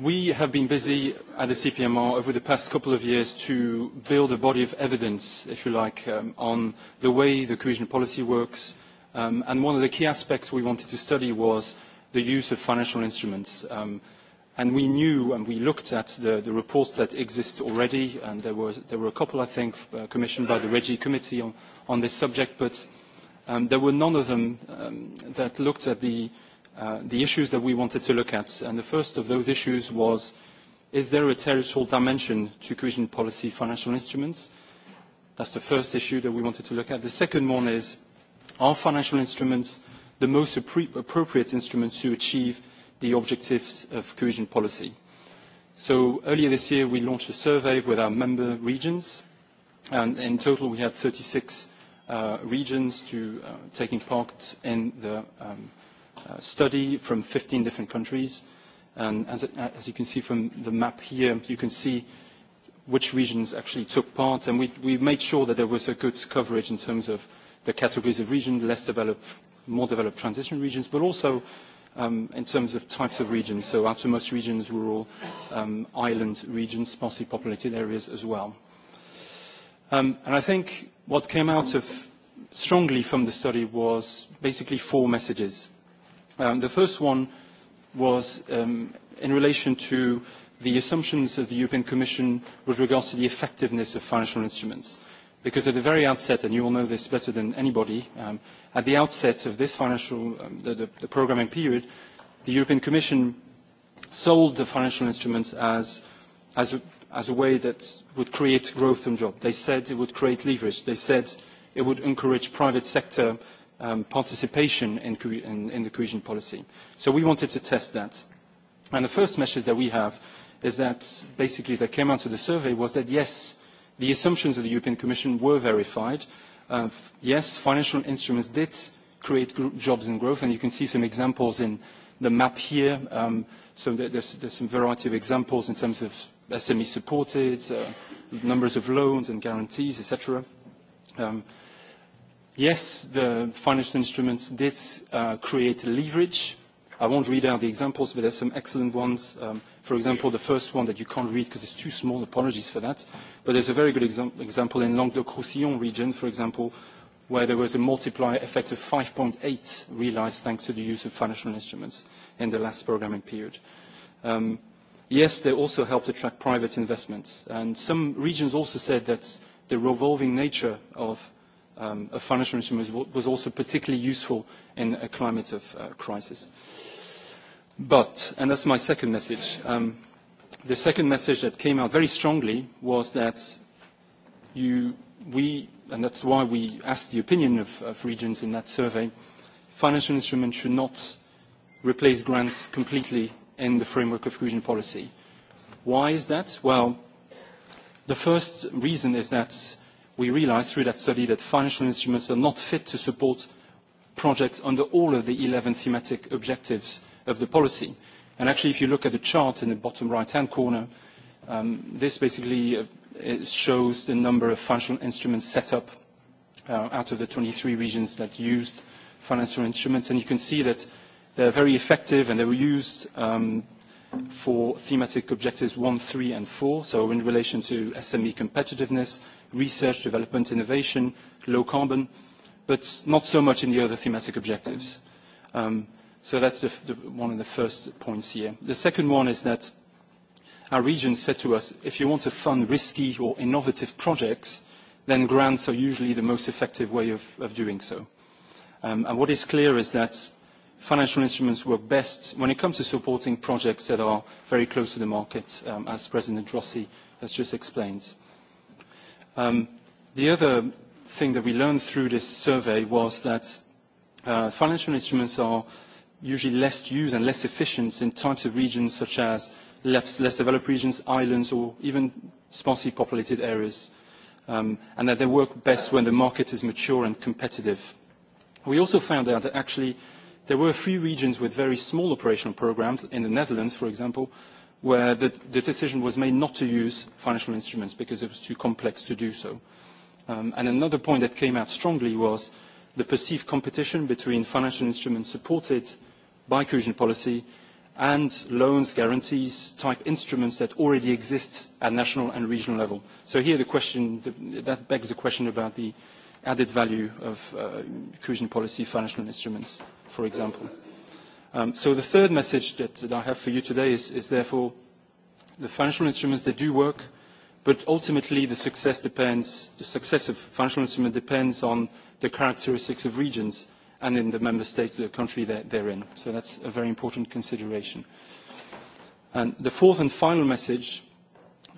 we have been busy at the CPMR over the past couple of years to build a body of evidence, if you like, um, on the way the cohesion policy works, Um, and one of the key aspects we wanted to study was the use of financial instruments. Um, and we knew and we looked at the, the reports that exist already, and there, was, there were a couple, I think, uh, commissioned by the Regi Committee on, on this subject, but um, there were none of them um, that looked at the, uh, the issues that we wanted to look at. And the first of those issues was, is there a territorial dimension to cohesion policy financial instruments? That's the first issue that we wanted to look at. The second one is, our financial instruments the most appropriate instruments to achieve the objectives of cohesion policy? So earlier this year, we launched a survey with our member regions, and in total, we had 36 uh, regions to, uh, taking part in the um, uh, study from 15 different countries. And as, as you can see from the map here, you can see which regions actually took part, and we, we made sure that there was a good coverage in terms of the categories of region, less developed, more developed transition regions, but also um, in terms of types of regions, so outermost regions, rural um, island regions, sparsely populated areas as well. Um, and I think what came out of strongly from the study was basically four messages. Um, the first one was um, in relation to the assumptions of the European Commission with regards to the effectiveness of financial instruments. Because at the very outset, and you will know this better than anybody, um, at the outset of this financial, um, the, the, the programming period, the European Commission sold the financial instruments as, as, a, as a way that would create growth and jobs. They said it would create leverage. They said it would encourage private sector um, participation in, in, in the cohesion policy. So we wanted to test that. And the first message that we have is that basically that came out of the survey was that yes, The assumptions of the European Commission were verified. Uh, yes, financial instruments did create jobs and growth, and you can see some examples in the map here. Um, so there's, there's some variety of examples in terms of SME supported, uh, numbers of loans and guarantees, etc. Um, yes, the financial instruments did uh, create leverage. I won't read out the examples, but there's some excellent ones. Um, For example, the first one that you can't read because it's too small, apologies for that. But there's a very good exam example in Languedoc-Roussillon region, for example, where there was a multiplier effect of 5.8 realized thanks to the use of financial instruments in the last programming period. Um, yes, they also helped attract private investments. And some regions also said that the revolving nature of um, a financial instrument was also particularly useful in a climate of uh, crisis. But, and that's my second message, um, the second message that came out very strongly was that you, we, and that's why we asked the opinion of, of regions in that survey, financial instruments should not replace grants completely in the framework of cohesion policy. Why is that? Well, the first reason is that we realized through that study that financial instruments are not fit to support projects under all of the 11 thematic objectives of the policy. And actually, if you look at the chart in the bottom right-hand corner, um, this basically uh, shows the number of financial instruments set up uh, out of the 23 regions that used financial instruments. And you can see that they're very effective, and they were used um, for thematic objectives one, three, and four, so in relation to SME competitiveness, research, development, innovation, low carbon, but not so much in the other thematic objectives. Um, that's the, the, one of the first points here. The second one is that our region said to us, if you want to fund risky or innovative projects, then grants are usually the most effective way of, of doing so. Um, and what is clear is that financial instruments work best when it comes to supporting projects that are very close to the market, um, as President Rossi has just explained. Um, the other thing that we learned through this survey was that uh, financial instruments are usually less used and less efficient in types of regions such as less, less developed regions, islands, or even sparsely populated areas, um, and that they work best when the market is mature and competitive. We also found out that actually there were a few regions with very small operational programs, in the Netherlands, for example, where the, the decision was made not to use financial instruments because it was too complex to do so. Um, and another point that came out strongly was the perceived competition between financial instruments supported by cohesion policy and loans, guarantees type instruments that already exist at national and regional level. So here the question, that begs the question about the added value of uh, cohesion policy financial instruments, for example. Um, so the third message that, that I have for you today is, is therefore the financial instruments that do work, but ultimately the success depends, the success of financial instruments depends on the characteristics of regions and in the member states, of the country that they're in. So that's a very important consideration. And the fourth and final message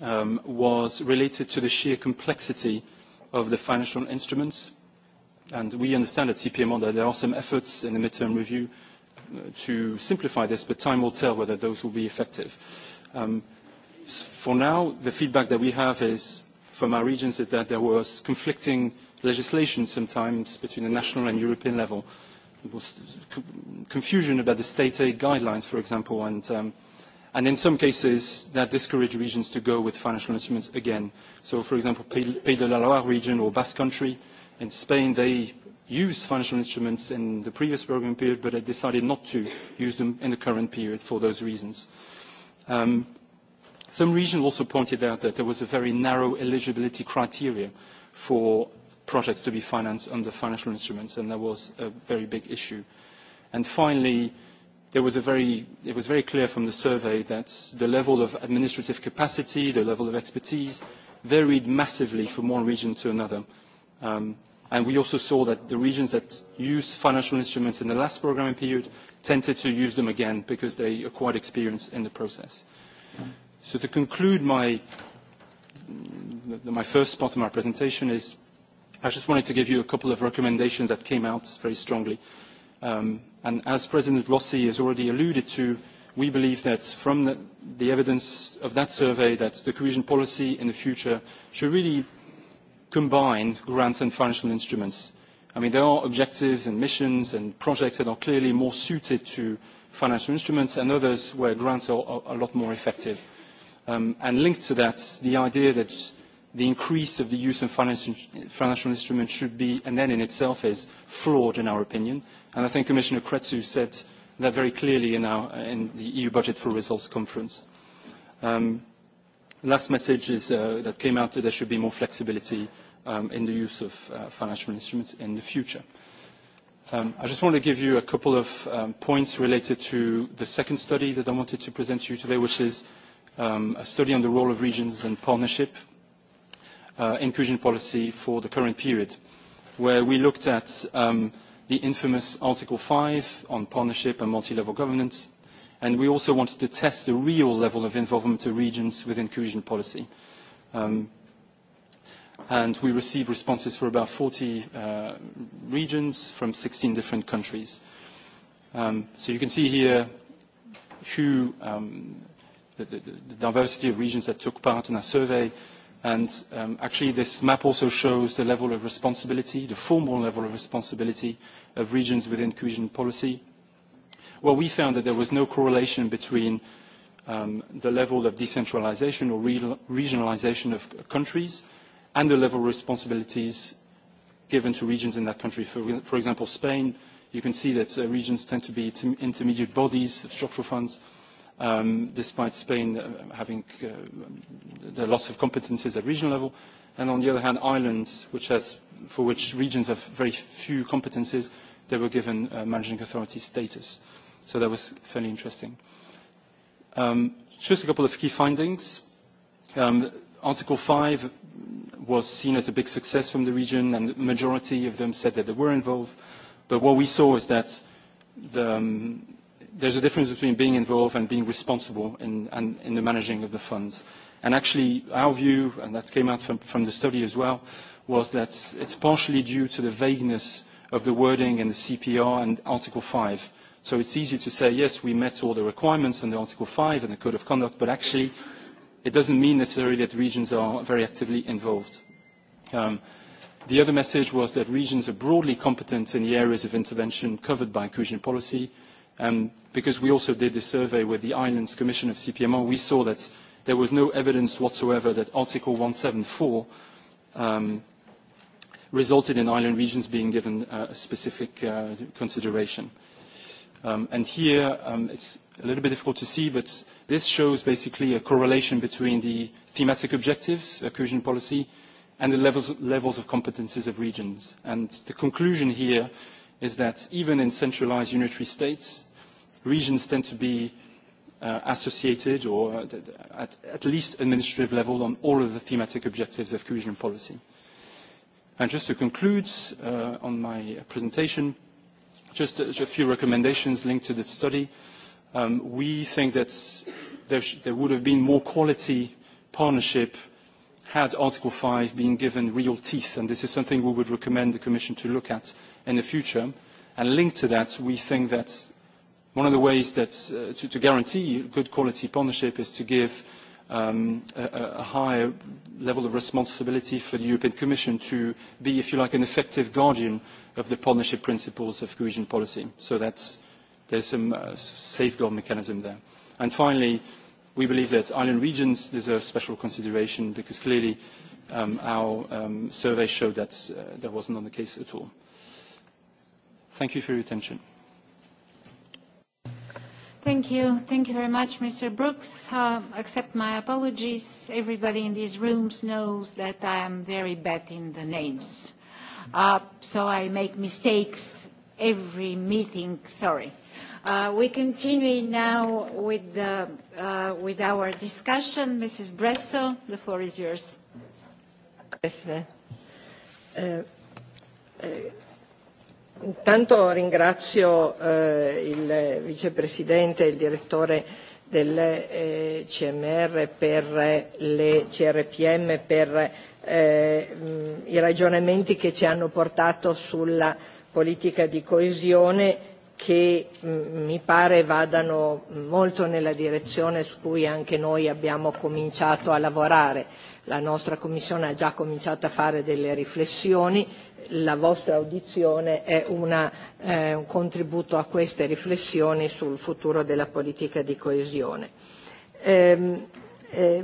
um, was related to the sheer complexity of the financial instruments. And we understand at CPMO that there are some efforts in the midterm review uh, to simplify this, but time will tell whether those will be effective. Um, for now, the feedback that we have is from our regions is that there was conflicting legislation sometimes between a national and European level. There was confusion about the state aid guidelines, for example, and, um, and in some cases that discouraged regions to go with financial instruments again. So, for example, Pays de la Loire region or Basque Country in Spain, they used financial instruments in the previous programme period, but they decided not to use them in the current period for those reasons. Um, some regions also pointed out that there was a very narrow eligibility criteria for projects to be financed under financial instruments, and that was a very big issue. And finally, there was a very, it was very clear from the survey that the level of administrative capacity, the level of expertise, varied massively from one region to another. Um, and we also saw that the regions that used financial instruments in the last programming period tended to use them again because they acquired experience in the process. So to conclude my, my first part of my presentation is I just wanted to give you a couple of recommendations that came out very strongly. Um, and as President Rossi has already alluded to, we believe that from the, the evidence of that survey that the cohesion policy in the future should really combine grants and financial instruments. I mean, there are objectives and missions and projects that are clearly more suited to financial instruments and others where grants are, are a lot more effective. Um, and linked to that, the idea that the increase of the use of financial, instruments should be an end in itself is flawed in our opinion. And I think Commissioner Kretsu said that very clearly in, our, in the EU budget for results conference. Um, last message is, uh, that came out that there should be more flexibility um, in the use of uh, financial instruments in the future. Um, I just want to give you a couple of um, points related to the second study that I wanted to present to you today, which is um, a study on the role of regions and partnership uh, inclusion policy for the current period, where we looked at um, the infamous Article 5 on partnership and multi-level governance, and we also wanted to test the real level of involvement of regions with inclusion policy. Um, and we received responses for about 40 uh, regions from 16 different countries. Um, so you can see here who um, the, the, the diversity of regions that took part in our survey, And um, actually, this map also shows the level of responsibility, the formal level of responsibility of regions within cohesion policy. Well, we found that there was no correlation between um, the level of decentralization or re regionalization of countries and the level of responsibilities given to regions in that country. For, for example, Spain, you can see that uh, regions tend to be intermediate bodies of structural funds, um, despite Spain uh, having uh, the of competences at regional level, and on the other hand, Ireland, which has, for which regions have very few competences, they were given uh, managing authority status. So that was fairly interesting. Um, just a couple of key findings. Um, Article 5 was seen as a big success from the region, and the majority of them said that they were involved. But what we saw is that the, um, there's a difference between being involved and being responsible in, and, in the managing of the funds. And actually, our view, and that came out from, from the study as well, was that it's partially due to the vagueness of the wording in the CPR and Article 5. So it's easy to say, yes, we met all the requirements under Article 5 and the Code of Conduct, but actually it doesn't mean necessarily that regions are very actively involved. Um, the other message was that regions are broadly competent in the areas of intervention covered by inclusion policy, Um, because we also did a survey with the Islands Commission of CPMR, we saw that there was no evidence whatsoever that Article 174 um, resulted in island regions being given uh, a specific uh, consideration. Um, and here, um, it's a little bit difficult to see, but this shows basically a correlation between the thematic objectives, cohesion policy, and the levels, levels of competences of regions. And the conclusion here is that even in centralized unitary states, regions tend to be uh, associated or uh, at, at least administrative level on all of the thematic objectives of cohesion policy. And just to conclude uh, on my presentation, just a, uh, just a few recommendations linked to the study. Um, we think that there, there would have been more quality partnership had Article 5 been given real teeth, and this is something we would recommend the Commission to look at in the future. And linked to that, we think that one of the ways that, uh, to, to guarantee good quality partnership is to give um, a, a higher level of responsibility for the European Commission to be, if you like, an effective guardian of the partnership principles of cohesion policy. So that's, there's some uh, safeguard mechanism there. And finally, we believe that island regions deserve special consideration because clearly um, our um, survey showed that uh, that was not the case at all. Thank you for your attention. Thank you. Thank you very much, Mr. Brooks. Uh, accept my apologies. Everybody in these rooms knows that I am very bad in the names. Uh, so I make mistakes every meeting, sorry. Uh, we continue now with, the, uh, with our discussion. Mrs. Bresso, the floor is yours. Yes, Intanto ringrazio eh, il vicepresidente e il direttore del eh, CMR per le CRPM per eh, i ragionamenti che ci hanno portato sulla politica di coesione che mm, mi pare vadano molto nella direzione su cui anche noi abbiamo cominciato a lavorare. La nostra Commissione ha già cominciato a fare delle riflessioni la vostra audizione è una, eh, un contributo a queste riflessioni sul futuro della politica di coesione. Eh, eh,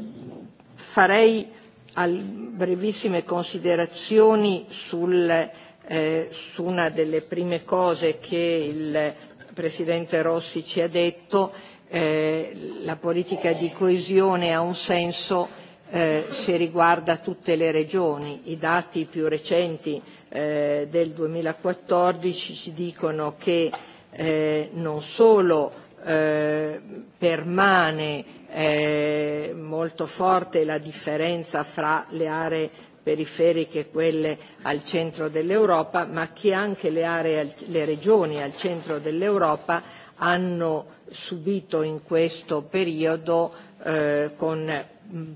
farei al, brevissime considerazioni sul, eh, su una delle prime cose che il Presidente Rossi ci ha detto. Eh, la politica di coesione ha un senso eh, se riguarda tutte le regioni. I dati più recenti eh, del 2014 ci dicono che eh, non solo eh, permane eh, molto forte la differenza fra le aree periferiche e quelle al centro dell'Europa, ma che anche le, aree, le regioni al centro dell'Europa hanno subito in questo periodo, eh, con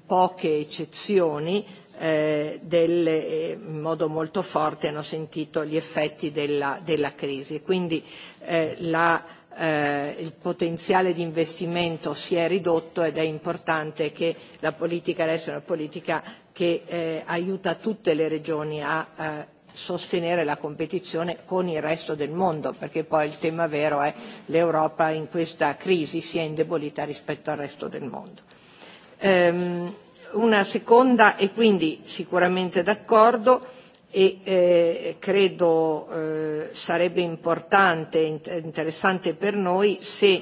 poche eccezioni, eh, del, eh, in modo molto forte hanno sentito gli effetti della, della crisi. Quindi eh, la, eh, il potenziale di investimento si è ridotto ed è importante che la politica resti una politica che eh, aiuta tutte le regioni a eh, sostenere la competizione con il resto del mondo, perché poi il tema vero è l'Europa in questa crisi si è indebolita rispetto al resto del mondo. Ehm, una seconda, e quindi sicuramente d'accordo, e eh, credo eh, sarebbe importante, e interessante per noi se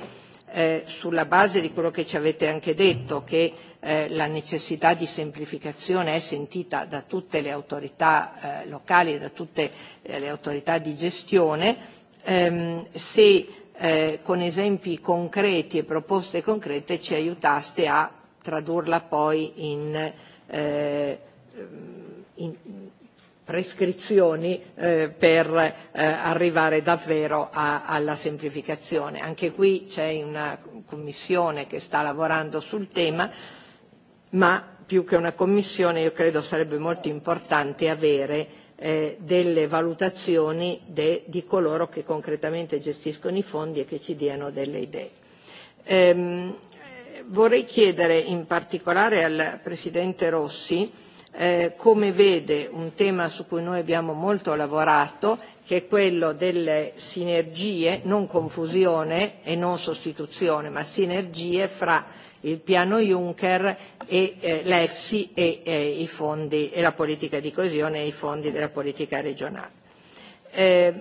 eh, sulla base di quello che ci avete anche detto, che eh, la necessità di semplificazione è sentita da tutte le autorità eh, locali e da tutte eh, le autorità di gestione, ehm, se eh, con esempi concreti e proposte concrete ci aiutaste a tradurla poi in, eh, in prescrizioni eh, per eh, arrivare davvero a, alla semplificazione. Anche qui c'è una commissione che sta lavorando sul tema, ma più che una commissione io credo sarebbe molto importante avere eh, delle valutazioni de, di coloro che concretamente gestiscono i fondi e che ci diano delle idee. Ehm, Vorrei chiedere in particolare al Presidente Rossi eh, come vede un tema su cui noi abbiamo molto lavorato, che è quello delle sinergie, non confusione e non sostituzione, ma sinergie fra il piano Juncker e eh, l'EFSI e, eh, i fondi, e la politica di coesione e i fondi della politica regionale. Eh,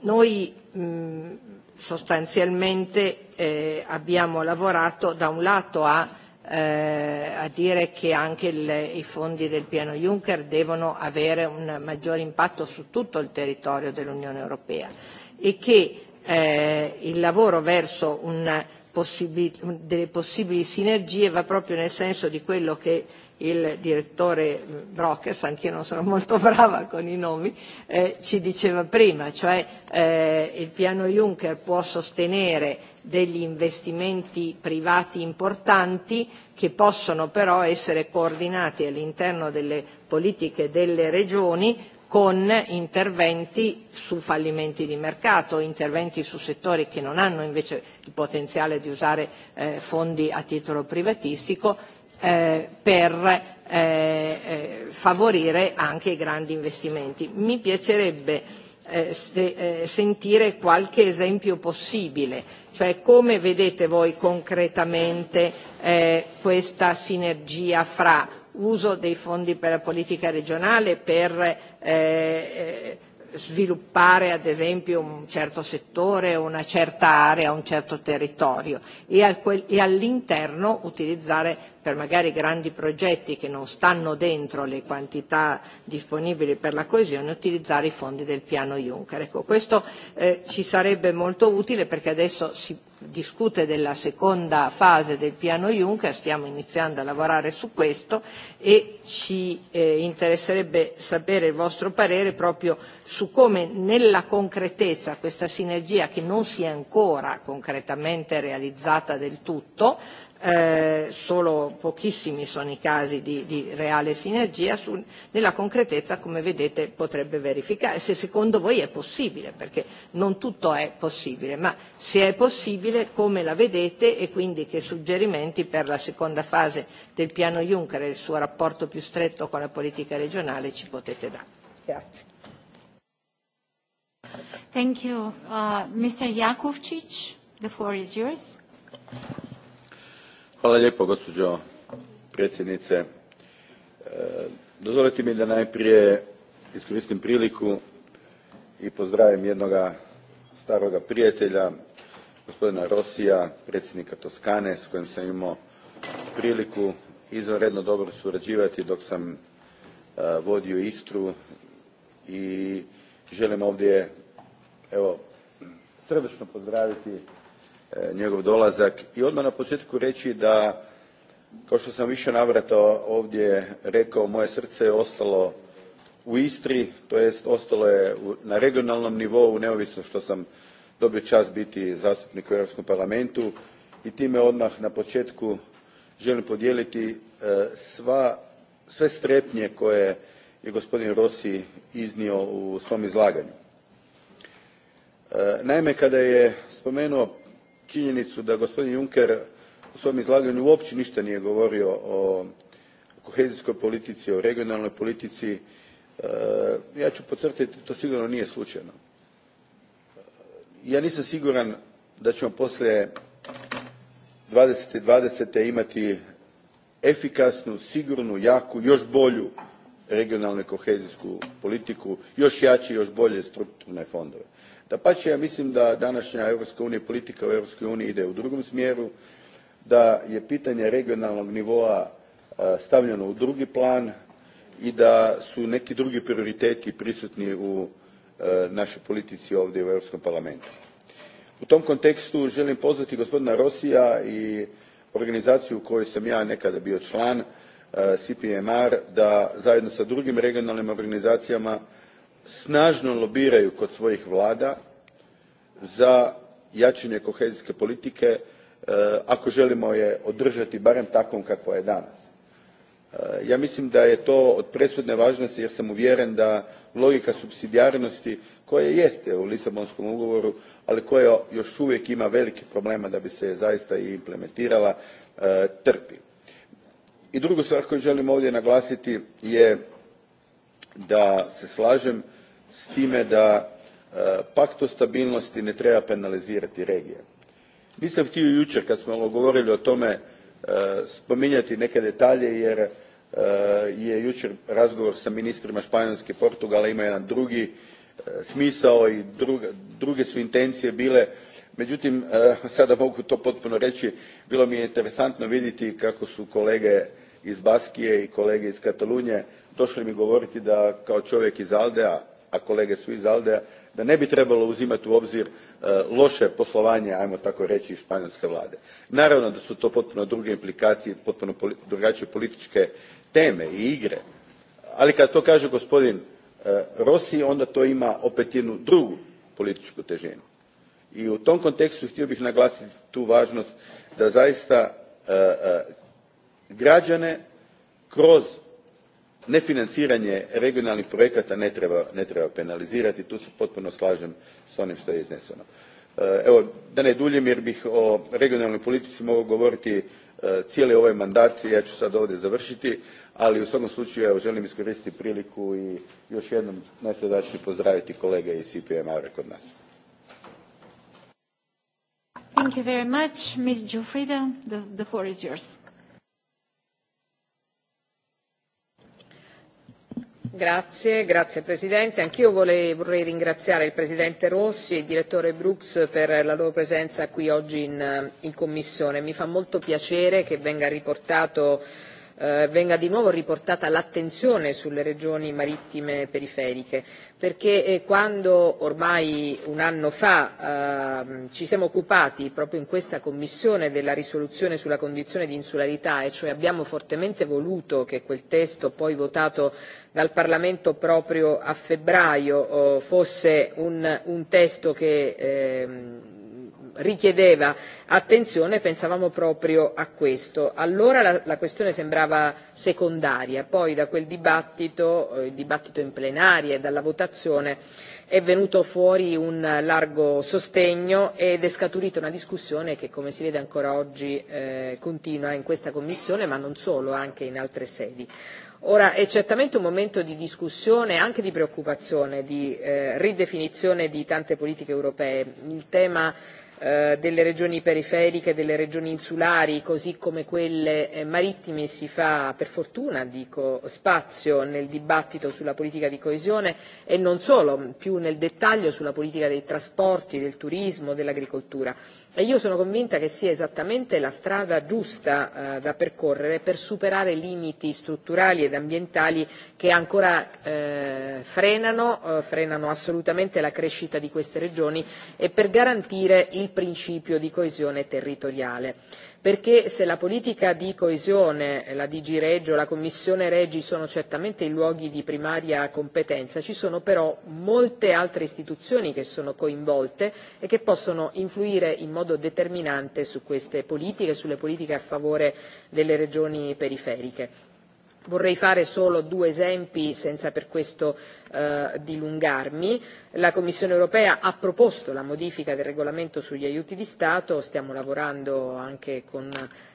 noi mh, mm, sostanzialmente eh, abbiamo lavorato da un lato a, eh, a dire che anche il, i fondi del piano Juncker devono avere un maggior impatto su tutto il territorio dell'Unione Europea e che eh, il lavoro verso un possibili, delle possibili sinergie va proprio nel senso di quello che il direttore Brockers, anch'io non sono molto brava con i nomi, eh, ci diceva prima, cioè eh, il piano Juncker può sostenere degli investimenti privati importanti che possono però essere coordinati all'interno delle politiche delle regioni con interventi su fallimenti di mercato, interventi su settori che non hanno invece il potenziale di usare eh, fondi a titolo privatistico eh, per eh, eh favorire anche i grandi investimenti. Mi piacerebbe eh, se, eh, sentire qualche esempio possibile, cioè come vedete voi concretamente eh, questa sinergia fra uso dei fondi per la politica regionale per eh, eh, sviluppare ad esempio un certo settore, una certa area, un certo territorio e, al quel, e all'interno utilizzare per magari grandi progetti che non stanno dentro le quantità disponibili per la coesione, utilizzare i fondi del piano Juncker. Ecco, questo eh, ci sarebbe molto utile perché adesso si discute della seconda fase del piano Juncker, stiamo iniziando a lavorare su questo e ci eh, interesserebbe sapere il vostro parere proprio su come nella concretezza questa sinergia che non si è ancora concretamente realizzata del tutto eh, solo pochissimi sono i casi di, di reale sinergia, su, nella concretezza come vedete potrebbe verificare, se secondo voi è possibile, perché non tutto è possibile, ma se è possibile come la vedete e quindi che suggerimenti per la seconda fase del piano Juncker e il suo rapporto più stretto con la politica regionale ci potete dare. Grazie. Thank you. Uh, Mr. Jakovcic, the floor is yours gospođo predsjednice. E, dozvolite mi da najprije iskoristim priliku i pozdravim jednog starog prijatelja, gospodina Rosija, predsjednika Toskane, s kojim sam imao priliku izvanredno dobro surađivati dok sam e, vodio Istru i želim ovdje evo, pozdraviti E, njegov dolazak i odmah na početku reći da kao što sam više navrata ovdje rekao moje srce je ostalo u istri to jest ostalo je na regionalnom nivou neovisno što sam dobio čast biti zastupnik u europskom parlamentu i time odmah na početku želim podijeliti e, sva, sve strepnje koje je gospodin rossi iznio u svom izlaganju. E, naime kada je spomenuo injenicu da gospodin juncker u svom izlaganju uope nita nije govorio o kohezijskoj politici o regionalnoj politici e, ja u podcrtati to sigurno nije sluajno. ja nisam siguran da emo poslije twenty twenty imati efikasnu sigurnu jaku jo bolju regionalnu i kohezijsku politiku jo jae i još bolje strukturne fondove dapače ja mislim da današnja europska unija i politika u europskoj uniji ide u drugom smjeru da je pitanje regionalnog nivoa e, stavljeno u drugi plan i da su neki drugi prioriteti prisutni u e, našoj politici ovdje u europskom parlamentu. u tom kontekstu želim pozvati gospodina rosija i organizaciju u kojoj sam ja nekada bio član e, cpmr da zajedno s drugim regionalnim organizacijama snažno lobiraju kod svojih vlada za jačanje kohezijske politike e, ako želimo je održati barem takvom kakva je danas. E, ja mislim da je to od presudne važnosti jer sam uvjeren da logika supsidijarnosti koja jeste u lisabonskom ugovoru ali koja još uvijek ima velikih problema da bi se zaista i implementirala e, trpi. i drugu stvar koju želim ovdje naglasiti je da se slažem s time da e, pakt o stabilnosti ne treba penalizirati regije. nisam htio jučer kad smo govorili o tome e, spominjati neke detalje jer e, je jučer razgovor s ministrima španjolske i portugala imao jedan drugi smisao i druge su intencije bile međutim sada mogu to potpuno reći bilo mi je interesantno vidjeti kako su kolege iz baskije i kolege iz Katalunje došli mi govoriti da kao čovjek iz alde a a kolege su iz alde a da ne bi trebalo uzimati u obzir e, loše poslovanje ajmo tako reći španjolske vlade. naravno da su to potpuno druge implikacije potpuno drugačije političke teme i igre ali kad to kaže gospodin e, rossi onda to ima opet jednu drugu političku težinu. i u tom kontekstu htio bih naglasiti tu važnost da zaista e, građane kroz nefinanciranje regionalnih projekata ne treba, ne treba penalizirati tu se potpuno slažem s onim što je izneseno. E, evo, da ne duljim jer bih o regionalnoj politici mogao govoriti e, cijeli ovaj mandat ja ću sad ovdje završiti ali u svakom slučaju evo, želim iskoristiti priliku i još jednom najsrdačnije pozdraviti kolege iz cpm a kod nas. Thank you very much. Ms. Giuffrida, the, the floor is yours. signora presidente anch'io vorrei ringraziare il presidente rossi e il direttore brooks per la loro presenza qui oggi in commissione. mi fa molto piacere che venga riportato eh, venga di nuovo riportata l'attenzione sulle regioni marittime periferiche, perché eh, quando ormai un anno fa eh, ci siamo occupati proprio in questa Commissione della risoluzione sulla condizione di insularità, e cioè abbiamo fortemente voluto che quel testo poi votato dal Parlamento proprio a febbraio oh, fosse un, un testo che eh, richiedeva attenzione pensavamo proprio a questo. Allora la, questione sembrava secondaria, poi da quel dibattito, eh, il dibattito in plenaria e dalla votazione è venuto fuori un largo sostegno ed è scaturita una discussione che come si vede ancora oggi eh, continua in questa commissione ma non solo, anche in altre sedi. Ora è certamente un momento di discussione e anche di preoccupazione, di eh, ridefinizione di tante politiche europee. Il tema Eh, delle regioni periferiche, delle regioni insulari, così come quelle eh, marittime, si fa per fortuna dico, spazio nel dibattito sulla politica di coesione e non solo, più nel dettaglio sulla politica dei trasporti, del turismo, dell'agricoltura E io sono convinta che sia esattamente la strada giusta eh, da percorrere per superare i limiti strutturali ed ambientali che ancora eh, eh, frenano assolutamente la crescita di queste regioni e per garantire il principio di coesione territoriale perché se la politica di coesione, la DG regio la Commissione Regi sono certamente i luoghi di primaria competenza, ci sono però molte altre istituzioni che sono coinvolte e che possono influire in modo determinante su queste politiche e sulle politiche a favore delle regioni periferiche. Vorrei fare solo due esempi senza per questo eh, dilungarmi. La Commissione europea ha proposto la modifica del regolamento sugli aiuti di Stato, stiamo lavorando anche con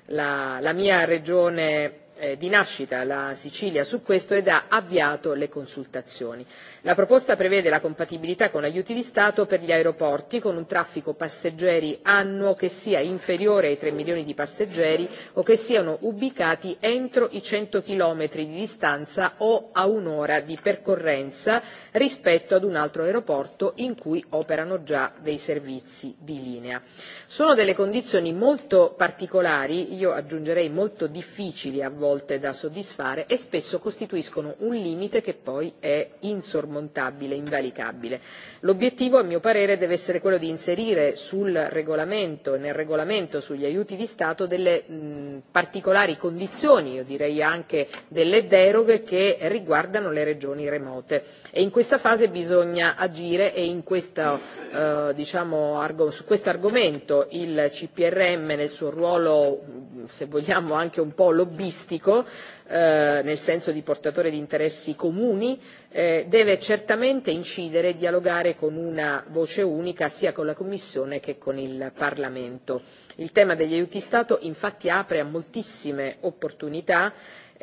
la mia regione eh, di nascita la Sicilia su questo ed ha avviato le consultazioni. La proposta prevede la compatibilità con aiuti di Stato per gli aeroporti con un traffico passeggeri annuo che sia inferiore ai 3 milioni di passeggeri o che siano ubicati entro i 100 km di distanza o a un'ora di percorrenza rispetto ad un altro aeroporto in cui operano già dei servizi di linea. Sono delle condizioni molto particolari, io aggiungerei molto difficili a volte da soddisfare e spesso costituiscono un limite che poi è insormontabile, invalicabile. L'obiettivo, a mio parere, deve essere quello di inserire sul regolamento e nel regolamento sugli aiuti di Stato delle mh, particolari condizioni, io direi anche delle deroghe che riguardano le regioni remote. E in questa fase bisogna agire e in questo, eh, diciamo, argo, su questo argomento il CPRM nel suo ruolo, se vogliamo, anche un po' lobbistico, politico eh, nel senso di portatore di interessi comuni eh, deve certamente incidere e dialogare con una voce unica sia con la Commissione che con il Parlamento. Il tema degli aiuti Stato infatti apre a moltissime opportunità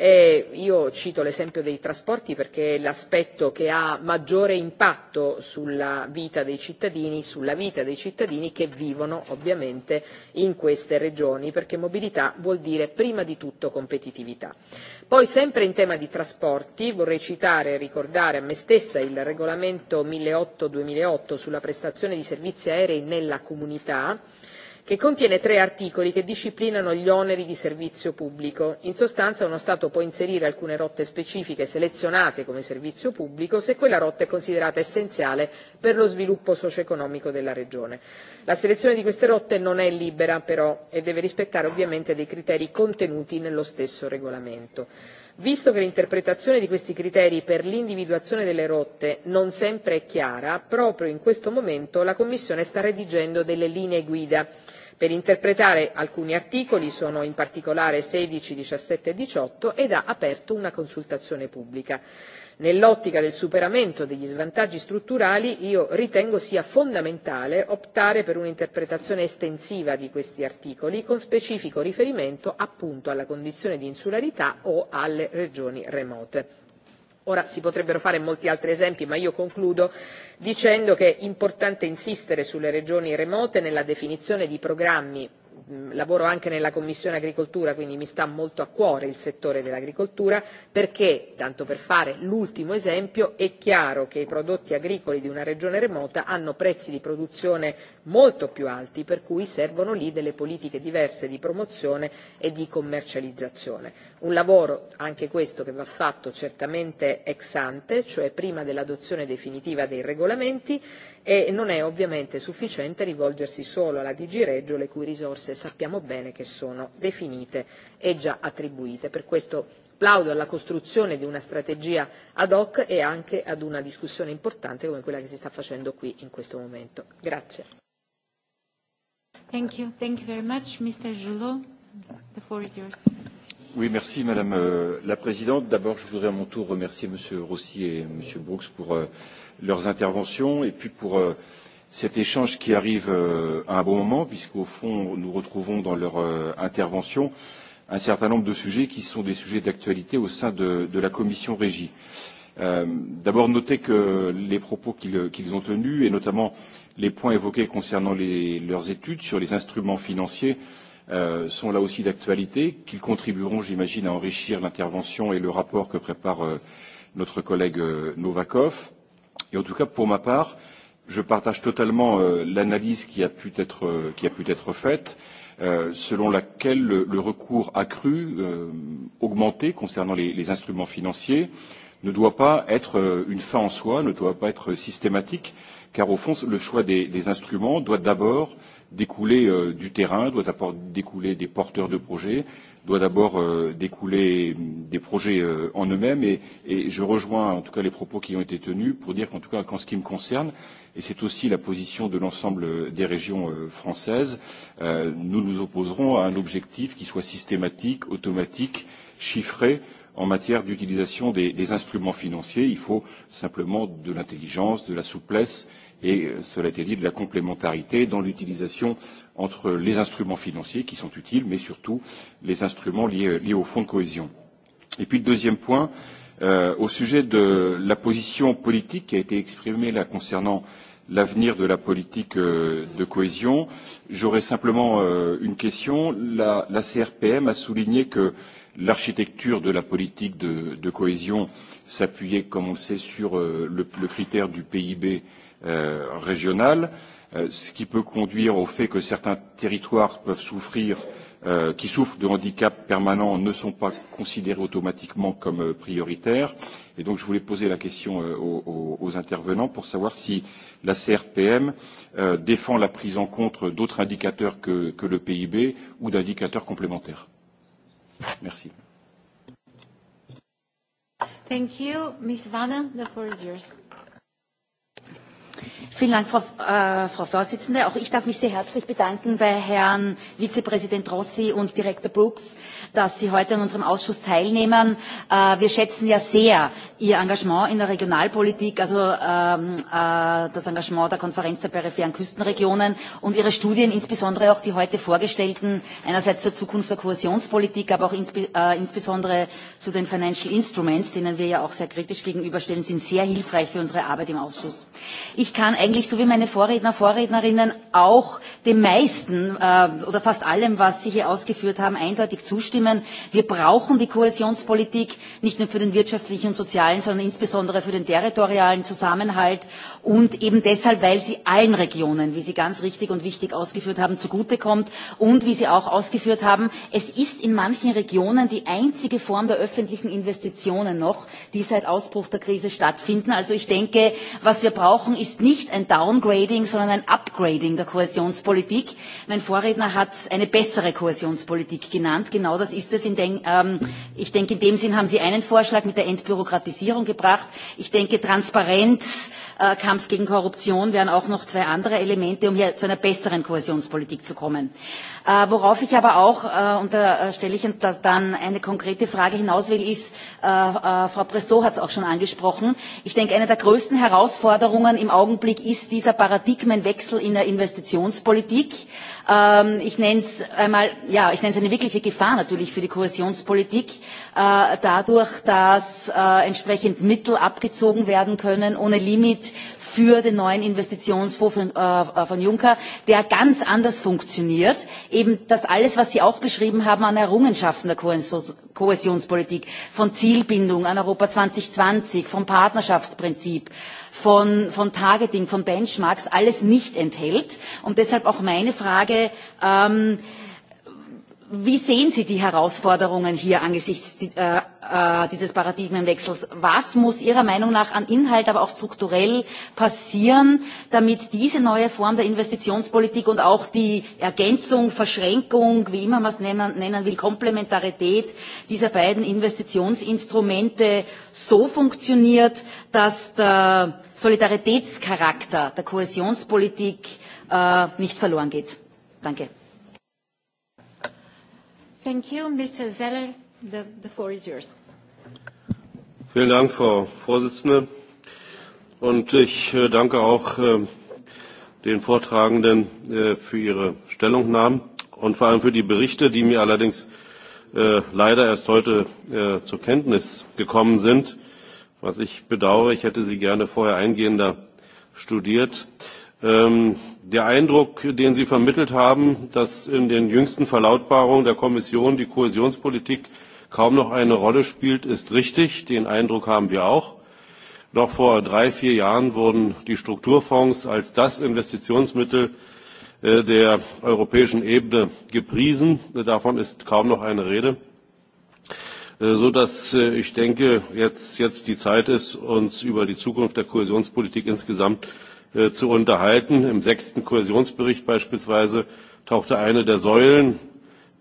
Eh, io cito l'esempio dei trasporti perché è l'aspetto che ha maggiore impatto sulla vita dei cittadini, sulla vita dei cittadini che vivono ovviamente in queste regioni, perché mobilità vuol dire prima di tutto competitività. Poi sempre in tema di trasporti vorrei citare e ricordare a me stessa il regolamento 1008-2008 sulla prestazione di servizi aerei nella comunità, che contiene tre articoli che disciplinano gli oneri di servizio pubblico. In sostanza uno Stato può inserire alcune rotte specifiche selezionate come servizio pubblico se quella rotta è considerata essenziale per lo sviluppo socio-economico della regione. La selezione di queste rotte non è libera però e deve rispettare ovviamente dei criteri contenuti nello stesso regolamento. Visto che l'interpretazione di questi criteri per l'individuazione delle rotte non sempre è chiara, proprio in questo momento la Commissione sta redigendo delle linee guida per interpretare alcuni articoli, sono in particolare sedici diciassette e diciotto ed ha aperto una consultazione pubblica. Nell'ottica del superamento degli svantaggi strutturali io ritengo sia fondamentale optare per un'interpretazione estensiva di questi articoli con specifico riferimento appunto alla condizione di insularità o alle regioni remote. Ora si potrebbero fare molti altri esempi, ma io concludo dicendo che è importante insistere sulle regioni remote nella definizione di programmi mm, lavoro anche nella Commissione Agricoltura, quindi mi sta molto a cuore il settore dell'agricoltura, perché, tanto per fare l'ultimo esempio, è chiaro che i prodotti agricoli di una regione remota hanno prezzi di produzione molto più alti, per cui servono lì delle politiche diverse di promozione e di commercializzazione. Un lavoro, anche questo, che va fatto certamente ex ante, cioè prima dell'adozione definitiva dei regolamenti, e non è ovviamente sufficiente rivolgersi solo alla DG Reggio, le cui risorse sappiamo bene che sono definite e già attribuite. Per questo plaudo alla costruzione di una strategia ad hoc e anche ad una discussione importante come quella che si sta facendo qui in questo momento. Grazie. Thank you. Thank you very much. Mr. Joulot, the floor is yours. Oui, merci Madame euh, la Présidente. D'abord, je voudrais à mon tour remercier Monsieur Rossi et Monsieur Brooks pour euh, leurs interventions et puis pour euh, cet échange qui arrive à un bon moment, puisqu'au fond, nous retrouvons dans leur euh, intervention un certain nombre de sujets qui sont des sujets d'actualité au sein de, de la commission régie. Euh, D'abord, notez que les propos qu'ils qu ont tenus, et notamment euh, Les points évoqués concernant les, leurs études sur les instruments financiers euh, sont là aussi d'actualité, qu'ils contribueront, j'imagine, à enrichir l'intervention et le rapport que prépare euh, notre collègue euh, Novakov. Et en tout cas, pour ma part, je partage totalement euh, l'analyse qui euh, qui a pu être faite, euh, selon laquelle le, le recours accru, euh, augmenté concernant les, les instruments financiers, ne doit pas être euh, une fin en soi, ne doit pas être euh, systématique, euh, car au fond, le choix des, des instruments doit d'abord découler euh, du terrain, doit d'abord découler des porteurs de projets, doit d'abord euh, découler mm, des projets euh, en eux-mêmes. Et, et je rejoins en tout cas les propos qui ont été tenus pour dire qu'en tout cas, qu'en ce qui me concerne, et c'est aussi la position de l'ensemble euh, des régions euh, françaises, euh, nous nous opposerons à un objectif qui soit systématique, automatique, chiffré, euh, en matière d'utilisation des, des instruments financiers. Il faut simplement de l'intelligence, de la souplesse et, euh, cela a été dit, de la complémentarité dans l'utilisation entre les instruments financiers qui sont utiles, mais surtout les instruments liés, euh, liés au fonds de cohésion. Et puis le deuxième point, euh, au sujet de la position politique qui a été exprimée là concernant l'avenir de la politique euh, de cohésion, j'aurais simplement une question. La, la CRPM a souligné que euh, L'architecture de la politique de, de cohésion s'appuyait, comme on le sait, sur euh, le, le critère du PIB euh, régional, euh, ce qui peut conduire au fait que certains territoires peuvent souffrir euh, qui souffrent de handicaps permanents ne sont pas considérés automatiquement comme euh, prioritaires. Et donc, je voulais poser la question euh, aux, aux intervenants pour savoir si la CRPM euh, défend la prise en compte d'autres indicateurs que, que le PIB ou d'indicateurs complémentaires. Merci. Thank you. Ms. Wanne, the floor is yours. Vielen Dank, Frau, äh, Frau Vorsitzende. Auch ich darf mich sehr herzlich bedanken bei Herrn Vizepräsident Rossi und Direktor Brooks dass Sie heute an unserem Ausschuss teilnehmen. Äh, wir schätzen ja sehr Ihr Engagement in der Regionalpolitik, also ähm, äh, das Engagement der Konferenz der peripheren Küstenregionen und Ihre Studien, insbesondere auch die heute vorgestellten, einerseits zur Zukunft der Kohäsionspolitik, aber auch äh, insbesondere zu den Financial Instruments, denen wir ja auch sehr kritisch gegenüberstehen, sind sehr hilfreich für unsere Arbeit im Ausschuss. Ich kann eigentlich, so wie meine Vorredner, Vorrednerinnen, auch dem meisten oder fast allem, was Sie hier ausgeführt haben, eindeutig zustimmen zustimmen. Wir brauchen die Kohäsionspolitik nicht nur für den wirtschaftlichen und sozialen, sondern insbesondere für den territorialen Zusammenhalt und eben deshalb, weil sie allen Regionen, wie Sie ganz richtig und wichtig ausgeführt haben, zugute kommt und wie Sie auch ausgeführt haben, es ist in manchen Regionen die einzige Form der öffentlichen Investitionen noch, die seit Ausbruch der Krise stattfinden. Also ich denke, was wir brauchen, ist nicht ein Downgrading, sondern ein Upgrading der Kohäsionspolitik. Mein Vorredner hat eine bessere Kohäsionspolitik genannt das ist es. In den, ähm, ich denke, in dem Sinn haben Sie einen Vorschlag mit der Entbürokratisierung gebracht. Ich denke, Transparenz, Äh, Kampf gegen Korruption wären auch noch zwei andere Elemente, um hier zu einer besseren Kohäsionspolitik zu kommen. Äh, worauf ich aber auch, äh, und da äh, stelle ich dann eine konkrete Frage hinaus will, ist, äh, äh, Frau Bressot hat es auch schon angesprochen, ich denke, eine der größten Herausforderungen im Augenblick ist dieser Paradigmenwechsel in der Investitionspolitik. Ähm, ich nenne es einmal, ja, ich nenne es eine wirkliche Gefahr natürlich für die Kohäsionspolitik, äh, dadurch, dass äh, entsprechend Mittel abgezogen werden können ohne Limit für den neuen Investitionsfonds von, äh, von Juncker, der ganz anders funktioniert. Eben das alles, was Sie auch beschrieben haben an Errungenschaften der Kohäsionspolitik, von Zielbindung an Europa 2020, vom Partnerschaftsprinzip, von, von Targeting, von Benchmarks, alles nicht enthält. Und deshalb auch meine Frage, ähm, Wie sehen Sie die Herausforderungen hier angesichts äh, äh, dieses Paradigmenwechsels? Was muss Ihrer Meinung nach an Inhalt, aber auch strukturell passieren, damit diese neue Form der Investitionspolitik und auch die Ergänzung, Verschränkung, wie immer man es nennen will, Komplementarität dieser beiden Investitionsinstrumente so funktioniert, dass der Solidaritätscharakter der Kohäsionspolitik äh, nicht verloren geht? Danke. Thank you. Mr. Zeller, the, the floor is yours. Vielen Dank, Frau Vorsitzende. Und ich äh, danke auch äh, den Vortragenden äh, für ihre Stellungnahmen und vor allem für die Berichte, die mir allerdings äh, leider erst heute äh, zur Kenntnis gekommen sind, was ich bedauere. Ich hätte sie gerne vorher eingehender studiert. Ähm, Der Eindruck, den Sie vermittelt haben, dass in den jüngsten Verlautbarungen der Kommission die Kohäsionspolitik kaum noch eine Rolle spielt, ist richtig. Den Eindruck haben wir auch. Noch vor drei, vier Jahren wurden die Strukturfonds als das Investitionsmittel äh, der europäischen Ebene gepriesen. Davon ist kaum noch eine Rede, äh, dass äh, ich denke, jetzt, jetzt die Zeit ist, uns über die Zukunft der Kohäsionspolitik insgesamt Äh, zu unterhalten. Im sechsten Kohäsionsbericht beispielsweise tauchte eine der Säulen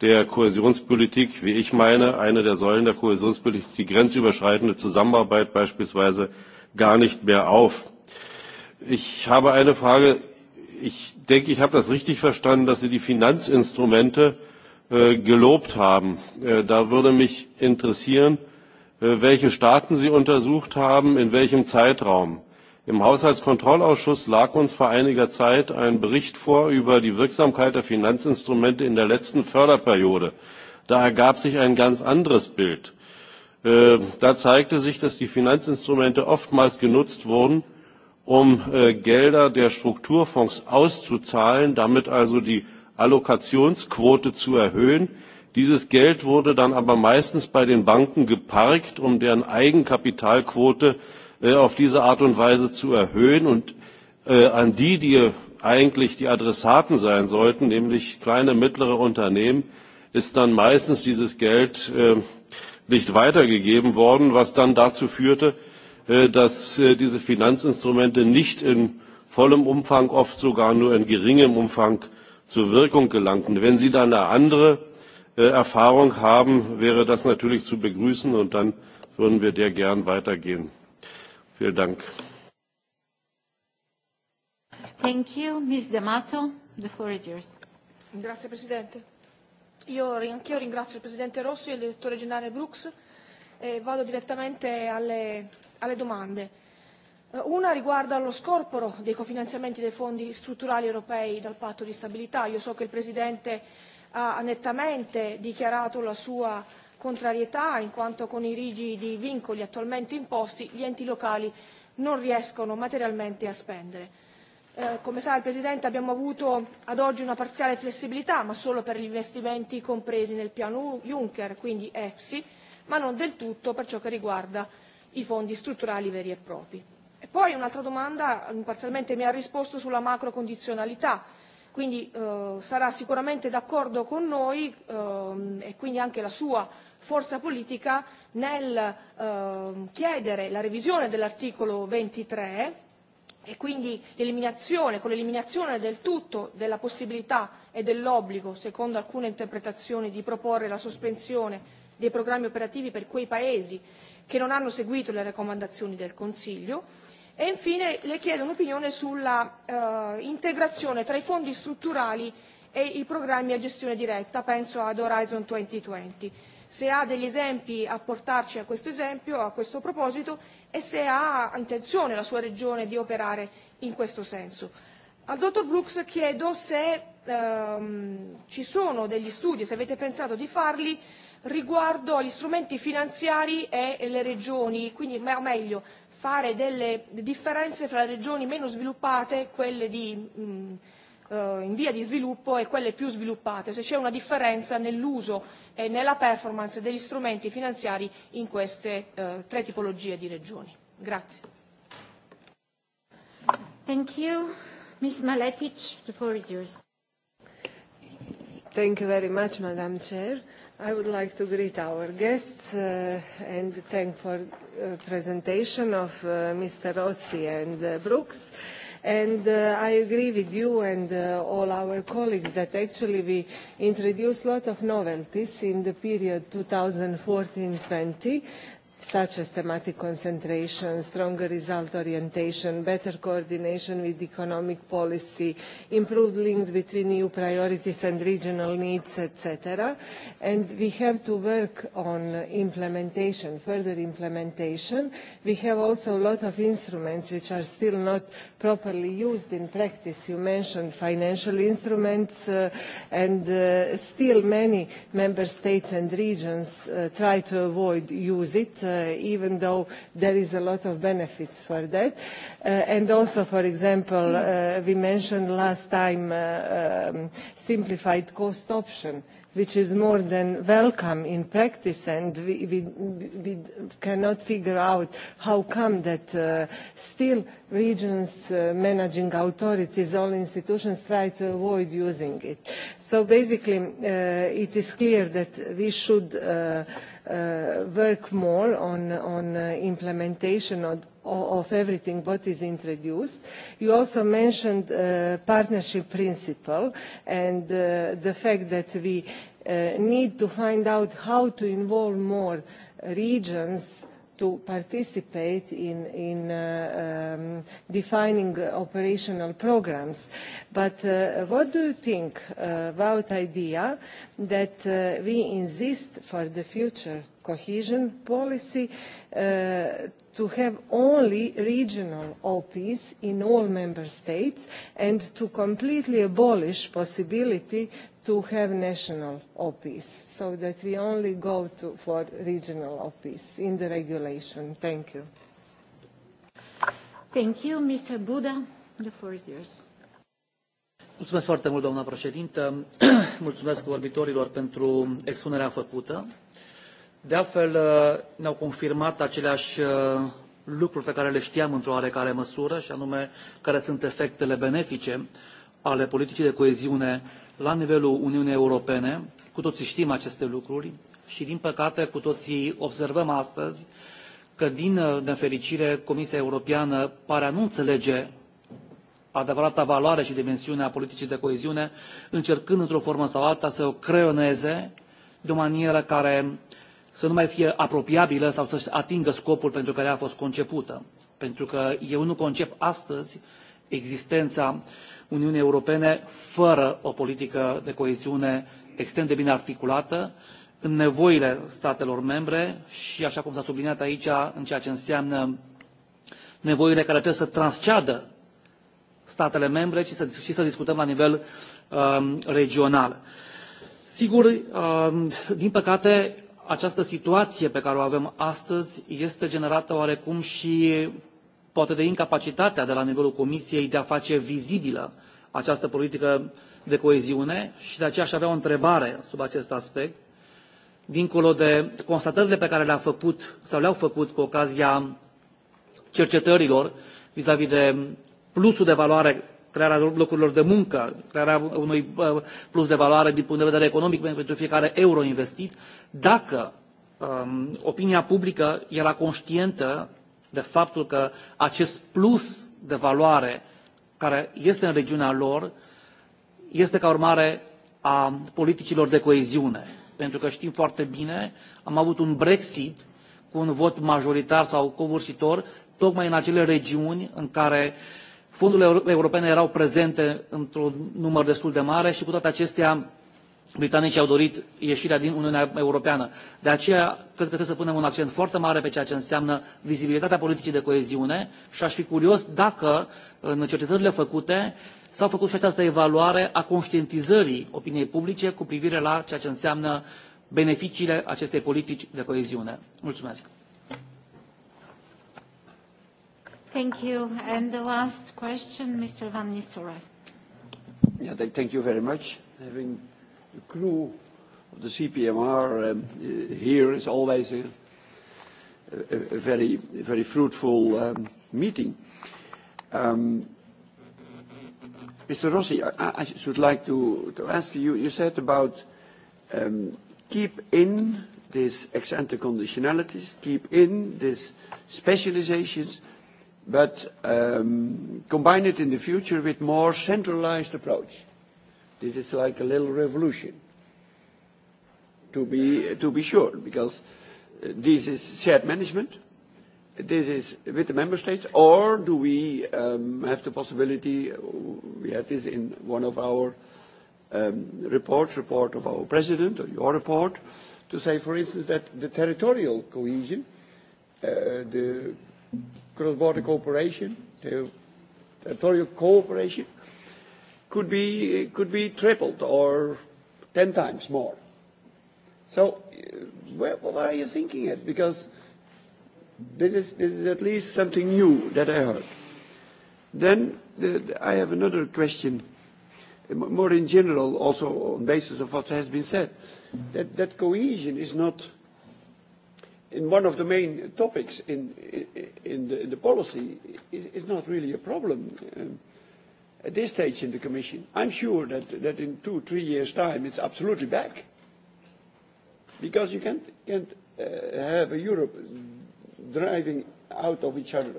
der Kohäsionspolitik, wie ich meine, eine der Säulen der Kohäsionspolitik, die grenzüberschreitende Zusammenarbeit beispielsweise, gar nicht mehr auf. Ich habe eine Frage. Ich denke, ich habe das richtig verstanden, dass Sie die Finanzinstrumente äh, gelobt haben. Äh, da würde mich interessieren, äh, welche Staaten Sie untersucht haben, in welchem Zeitraum Im Haushaltskontrollausschuss lag uns vor einiger Zeit ein Bericht vor über die Wirksamkeit der Finanzinstrumente in der letzten Förderperiode. Da ergab sich ein ganz anderes Bild. Äh, da zeigte sich, dass die Finanzinstrumente oftmals genutzt wurden, um äh, Gelder der Strukturfonds auszuzahlen, damit also die Allokationsquote zu erhöhen. Dieses Geld wurde dann aber meistens bei den Banken geparkt, um deren Eigenkapitalquote Äh, auf diese Art und Weise zu erhöhen und äh, an die, die eigentlich die Adressaten sein sollten, nämlich kleine, mittlere Unternehmen, ist dann meistens dieses Geld äh, nicht weitergegeben worden, was dann dazu führte, dass diese Finanzinstrumente nicht in vollem Umfang, oft sogar nur in geringem Umfang zur Wirkung gelangten. Wenn Sie dann eine andere Erfahrung haben, wäre das natürlich zu begrüßen und dann würden wir der gern weitergehen. Vielen Dank. Thank you. Ms. D'Amato, the floor is yours. Grazie Presidente. Io anch'io ringrazio il Presidente Rossi e il Direttore Generale Brooks e vado direttamente alle, alle domande. Eh, una riguarda lo scorporo dei cofinanziamenti dei fondi strutturali europei dal patto di stabilità. Io so che il Presidente ha nettamente dichiarato la sua contrarietà in quanto con i rigidi vincoli attualmente imposti gli enti locali non riescono materialmente a spendere. Eh, come sa il Presidente abbiamo avuto ad oggi una parziale flessibilità, ma solo per gli investimenti compresi nel piano Juncker, quindi EFSI, ma non del tutto per ciò che riguarda i fondi strutturali veri e propri. E poi un'altra domanda, parzialmente mi ha risposto sulla macrocondizionalità, quindi eh, sarà sicuramente d'accordo con noi eh, e quindi anche la sua forza politica nel eh, chiedere la revisione dell'articolo 23 e quindi l'eliminazione, con l'eliminazione del tutto della possibilità e dell'obbligo, secondo alcune interpretazioni, di proporre la sospensione dei programmi operativi per quei Paesi che non hanno seguito le raccomandazioni del Consiglio. E infine le chiedo un'opinione sulla eh, integrazione tra i fondi strutturali e i programmi a gestione diretta, penso ad Horizon 2020 se ha degli esempi a portarci a questo esempio, a questo proposito e se ha intenzione la sua regione di operare in questo senso. Al dottor Brooks chiedo se ehm, ci sono degli studi, se avete pensato di farli, riguardo agli strumenti finanziari e le regioni, quindi o meglio fare delle differenze fra le regioni meno sviluppate, quelle di, mh, mm, eh, uh, in via di sviluppo e quelle più sviluppate, se c'è una differenza nell'uso e nella performance degli strumenti finanziari in queste eh, tre tipologie di regioni. Grazie. Thank you. Ms. Maletic, the floor is yours. Thank you very much, Madam Chair. I would like to greet our guests uh, and thank for the uh, presentation of uh, Mr. Rossi and uh, Brooks. And uh, I agree with you and uh, all our colleagues that actually we introduced a lot of novelties in the period 2014-20, such as thematic concentration, stronger result orientation, better coordination with economic policy, improved links between EU priorities and regional needs, etc. And we have to work on implementation, further implementation. We have also a lot of instruments which are still not properly used in practice. You mentioned financial instruments, uh, and uh, still many member states and regions uh, try to avoid use it uh, Uh, even though there is a lot of benefits for that. Uh, and also, for example, uh, we mentioned last time um, simplified cost option which is more than welcome in practice and we, we, we cannot figure out how come that uh, still regions, uh, managing authorities, all institutions try to avoid using it. So basically uh, it is clear that we should uh, uh, work more on, on uh, implementation of, of everything what is introduced. You also mentioned uh, partnership principle and uh, the fact that we uh, need to find out how to involve more regions to participate in, in uh, um, defining operational programs. But uh, what do you think uh, about idea that uh, we insist for the future cohesion policy uh, to have only regional OPs in all member states and to completely abolish possibility to have national OPs so that we only go to, for regional OPs in the regulation. Thank you. Thank you, Mr. Buda. The floor is yours. Mulțumesc foarte mult, doamna președintă. Mulțumesc vorbitorilor pentru expunerea făcută. De altfel, uh, ne-au confirmat aceleași uh, lucruri pe care le știam într-o oarecare măsură, și anume care sunt efectele benefice ale politicii de coeziune la nivelul Uniunii Europene. Cu toții știm aceste lucruri și, din păcate, cu toții observăm astăzi că, din uh, nefericire, Comisia Europeană pare a nu înțelege adevărata valoare și dimensiune a politicii de coeziune, încercând într-o formă sau alta să o creioneze de o manieră care să nu mai fie apropiabilă sau să-și atingă scopul pentru care a fost concepută. Pentru că eu nu concep astăzi existența uh, Uniunii Europene fără o politică de coeziune extrem de bine articulată în nevoile statelor membre și, așa cum s-a subliniat aici, în ceea ce înseamnă nevoile care trebuie să transceadă statele membre și să, și să discutăm la nivel um, regional. Sigur, um, din păcate, această situație pe care o avem astăzi este generată oarecum și poate de incapacitatea de la nivelul Comisiei de a face vizibilă această politică de coeziune și de aceea aș avea o întrebare sub acest aspect, dincolo de constatările pe care le-a făcut sau le-au făcut cu ocazia cercetărilor vis-a-vis de plusul de valoare, crearea locurilor de muncă, crearea unui plus de valoare din punct de vedere economic pentru fiecare euro investit, dacă um, opinia publică era conștientă de faptul că acest plus de valoare care este în regiunea lor este ca urmare a politicilor de coeziune. Pentru că știm foarte bine, am avut un Brexit cu un vot majoritar sau covârșitor, tocmai în acele regiuni în care fondurile europene erau prezente într-un număr destul de mare și cu toate acestea britanicii au dorit ieșirea din uniunea europeană. de aceea cred că trebuie să punem un accent foarte mare pe ceea ce înseamnă vizibilitatea politicii de coeziune și aș fi curios dacă în cercetările făcute s a făcut și această evaluare a conștientizării opiniei publice cu privire la ceea ce înseamnă beneficiile acestei politici de coeziune. Mulțumesc! Thank you. And the last question, Mr. Van Nistelrooy. Yeah, thank you very much. Having the crew of the CPMR um, uh, here is always a, a, a very, a very fruitful um, meeting. Um, Mr. Rossi, I, I should like to, to ask you, you said about um, keep in these ex-ante conditionalities, keep in these specializations, but um, combine it in the future with more centralized approach. This is like a little revolution, to be, uh, to be sure, because uh, this is shared management. This is with the member states, or do we um, have the possibility, uh, we had this in one of our um, reports, report of our president, or your report, to say, for instance, that the territorial cohesion, uh, the cross-border cooperation, the territorial cooperation could be, could be tripled or ten times more. So uh, where, where are you thinking it? Because this is, this is at least something new that I heard. Then the, the, I have another question, more in general, also on basis of what has been said, that, that cohesion is not in one of the main topics in, in, in, the, in the policy is, not really a problem. Um, at this stage in the Commission. I'm sure that, that in two, three years' time, it's absolutely back. Because you can't, can't uh, have a Europe driving out of each other.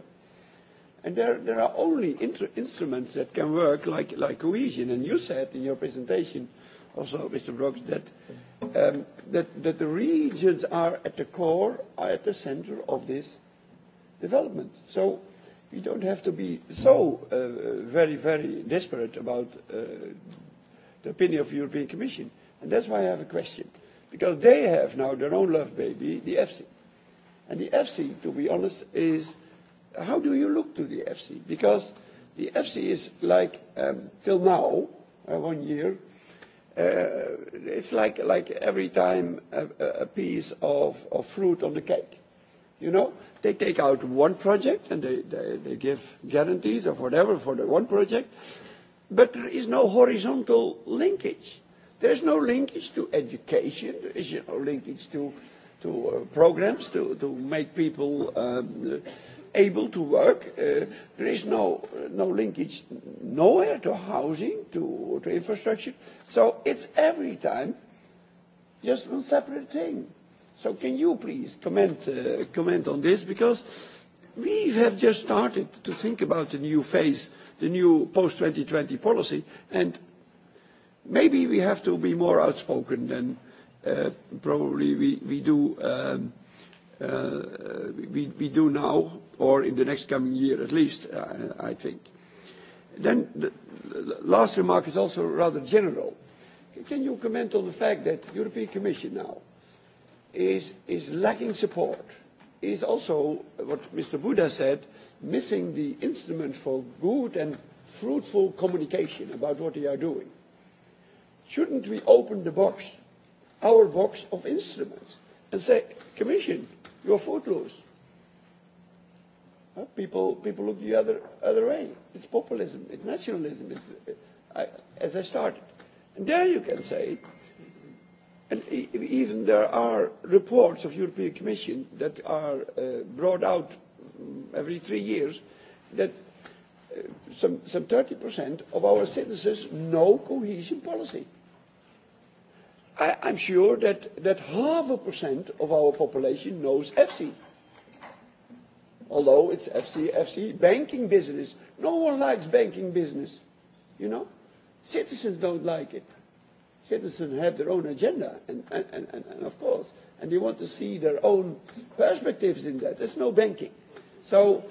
And there, there are only inter- instruments that can work like, like cohesion. And you said in your presentation, also, Mr. Brooks, that, um, that, that the regions are at the core, are at the center of this development. So we don't have to be so uh, very, very desperate about uh, the opinion of the European Commission. And that's why I have a question. Because they have now their own love baby, the FC, And the FC, to be honest, is how do you look to the FC? Because the FC is like, um, till now, uh, one year, uh, it's like, like every time a, a piece of, of fruit on the cake You know, they take out one project and they, they, they give guarantees or whatever for the one project, but there is no horizontal linkage. There is no linkage to education. There is no linkage to, to uh, programs to, to make people um, able to work. Uh, there is no, no linkage nowhere to housing, to, to infrastructure. So it's every time just a separate thing. So can you please comment, uh, comment on this? Because we have just started to think about the new phase, the new post-2020 policy, and maybe we have to be more outspoken than uh, probably we, we, do, um, uh, we, we do now or in the next coming year at least, uh, I think. Then the last remark is also rather general. Can you comment on the fact that European Commission now is, is lacking support, is also what Mr. Buddha said, missing the instrument for good and fruitful communication about what they are doing. Shouldn't we open the box, our box of instruments, and say, Commission, you're footloose. Huh? People, people look the other, other way. It's populism, it's nationalism, it's, I, as I started. And there you can say, And e-, even there are reports of European Commission that are uh, brought out mm, every three years that uh, some, thirty 30% of our citizens know cohesion policy. I, I'm sure that, that half a percent of our population knows EFSI. Although it's FC, FC banking business. No one likes banking business. You know? Citizens don't like it citizens have their own agenda, and, and, and, and of course, and they want to see their own perspectives in that. There's no banking. So,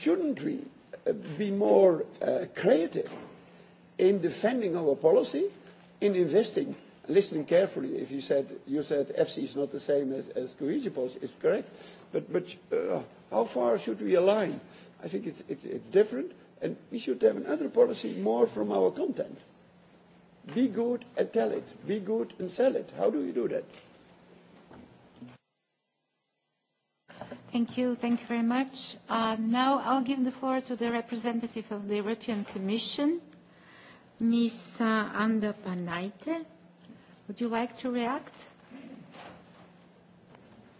shouldn't we uh, be more uh, creative in defending our policy, in investing? Listening carefully, if you said you said FC is not the same as, as cohesion policy, it's correct. But but uh, how far should we align? I think it's, it's it's different, and we should have another policy more from our content Be good and tell it. Be good and sell it. How do you do that? Thank you. Thank you very much. Um, now I'll give the floor to the representative of the European Commission, Ms. Uh, Anda Panaite. Would you like to react?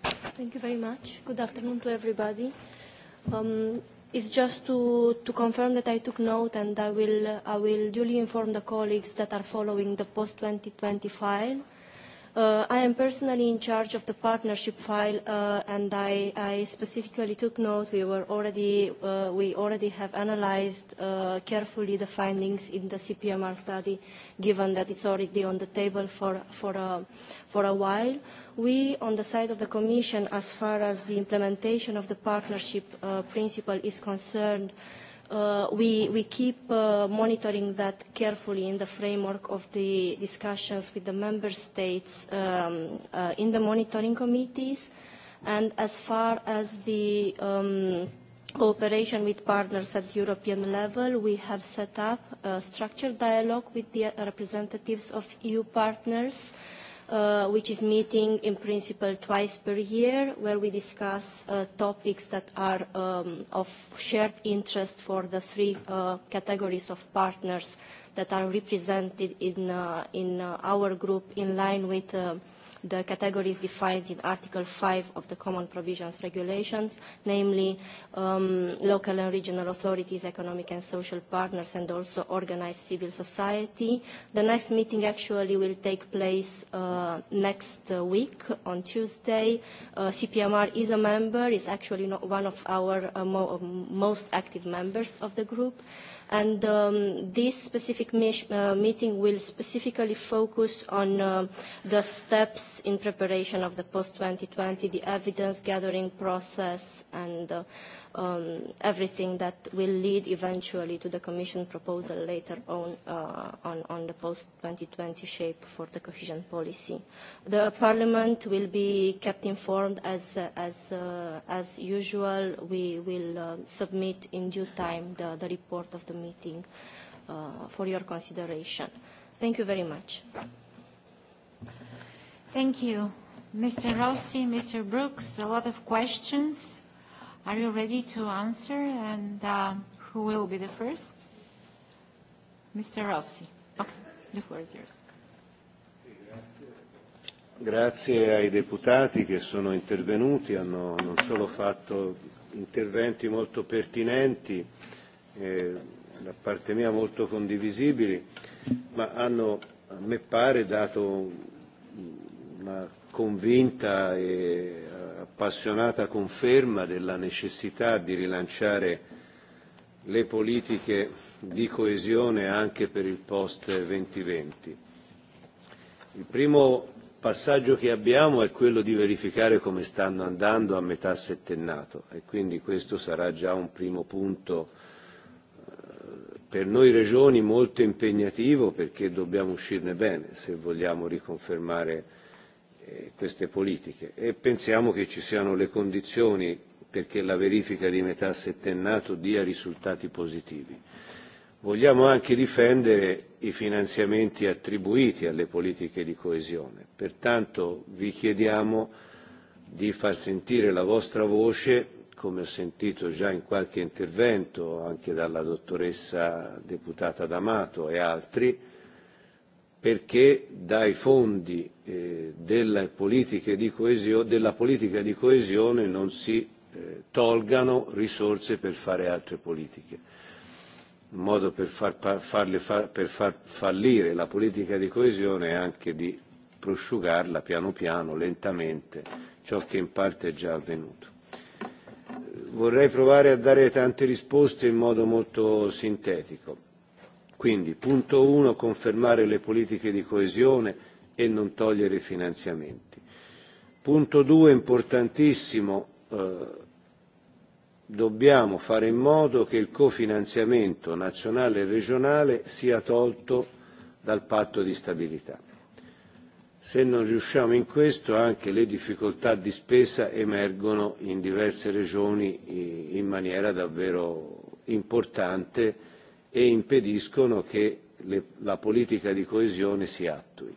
Thank you very much. Good afternoon to everybody. Um, It's just to, to confirm that I took note and I will, I will duly inform the colleagues that are following the post-2020 file. Uh, I am personally in charge of the partnership file uh, and I, I specifically took note we, were already, uh, we already have analyzed uh, carefully the findings in the CPMR study given that it's already on the table for, for, a, uh, for a while. We, on the side of the Commission, as far as the implementation of the partnership uh, principle is concerned, uh, we, we keep uh, monitoring that carefully in the framework of the discussions with the member states um, uh, in the monitoring committees. And as far as the um, cooperation with partners at European level, we have set up a structured dialogue with the representatives of EU partners uh, uh, which is meeting in principle twice per year, where we discuss uh, topics that are um, of shared interest for the three uh, categories of partners that are represented in, uh, in uh, our group in line with uh, the categories defined in Article 5 of the Common Provisions Regulations, namely um, local and regional authorities, economic and social partners, and also organized civil society. The next meeting actually will take place uh, next uh, week on Tuesday. Uh, CPMR is a member, is actually not one of our uh, mo most active members of the group. And um, this specific uh, meeting will specifically focus on uh, the steps in preparation of the post-2020, the evidence gathering process, and uh, Um, everything that will lead eventually to the Commission proposal later on uh, on, on the post-2020 shape for the cohesion policy. The Parliament will be kept informed as, uh, as, uh, as usual. We will uh, submit in due time the, the report of the meeting uh, for your consideration. Thank you very much. Thank you. Mr. Rossi, Mr. Brooks, a lot of questions. Are you ready to answer? And um, who will be the first? Mr. Rossi. Okay, the floor is yours. Grazie ai deputati che sono intervenuti, hanno non solo fatto interventi molto pertinenti, eh, da parte mia molto condivisibili, ma hanno, a me pare, dato una convinta e appassionata conferma della necessità di rilanciare le politiche di coesione anche per il post 2020. Il primo passaggio che abbiamo è quello di verificare come stanno andando a metà settennato e quindi questo sarà già un primo punto eh, per noi regioni molto impegnativo perché dobbiamo uscirne bene se vogliamo riconfermare Eh, queste politiche e pensiamo che ci siano le condizioni perché la verifica di metà settennato dia risultati positivi. Vogliamo anche difendere i finanziamenti attribuiti alle politiche di coesione, pertanto vi chiediamo di far sentire la vostra voce, come ho sentito già in qualche intervento anche dalla dottoressa deputata D'Amato e altri, perché dai fondi Eh, delle di coesio, della politica di coesione non si eh, tolgano risorse per fare altre politiche. Un modo per far, pa, farle, fa, per far fallire la politica di coesione è anche di prosciugarla piano piano, lentamente, ciò che in parte è già avvenuto vorrei provare a dare tante risposte in modo molto sintetico. Quindi, punto 1, confermare le politiche di coesione e non togliere finanziamenti. Punto 2 importantissimo, eh, dobbiamo fare in modo che il cofinanziamento nazionale e regionale sia tolto dal patto di stabilità. Se non riusciamo in questo anche le difficoltà di spesa emergono in diverse regioni in maniera davvero importante e impediscono che le, la politica di coesione si attui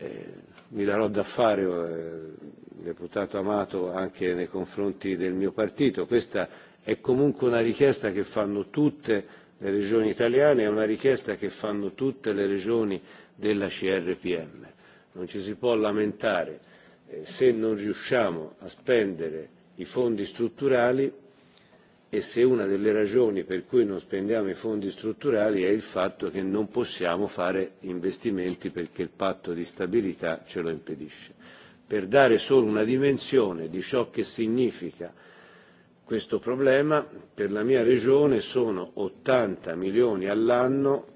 eh, mi darò da fare, eh, deputato Amato, anche nei confronti del mio partito. Questa è comunque una richiesta che fanno tutte le regioni italiane, è una richiesta che fanno tutte le regioni della CRPM. Non ci si può lamentare eh, se non riusciamo a spendere i fondi strutturali e se una delle ragioni per cui non spendiamo i fondi strutturali è il fatto che non possiamo fare investimenti perché il patto di stabilità ce lo impedisce. Per dare solo una dimensione di ciò che significa questo problema, per la mia regione sono 80 milioni all'anno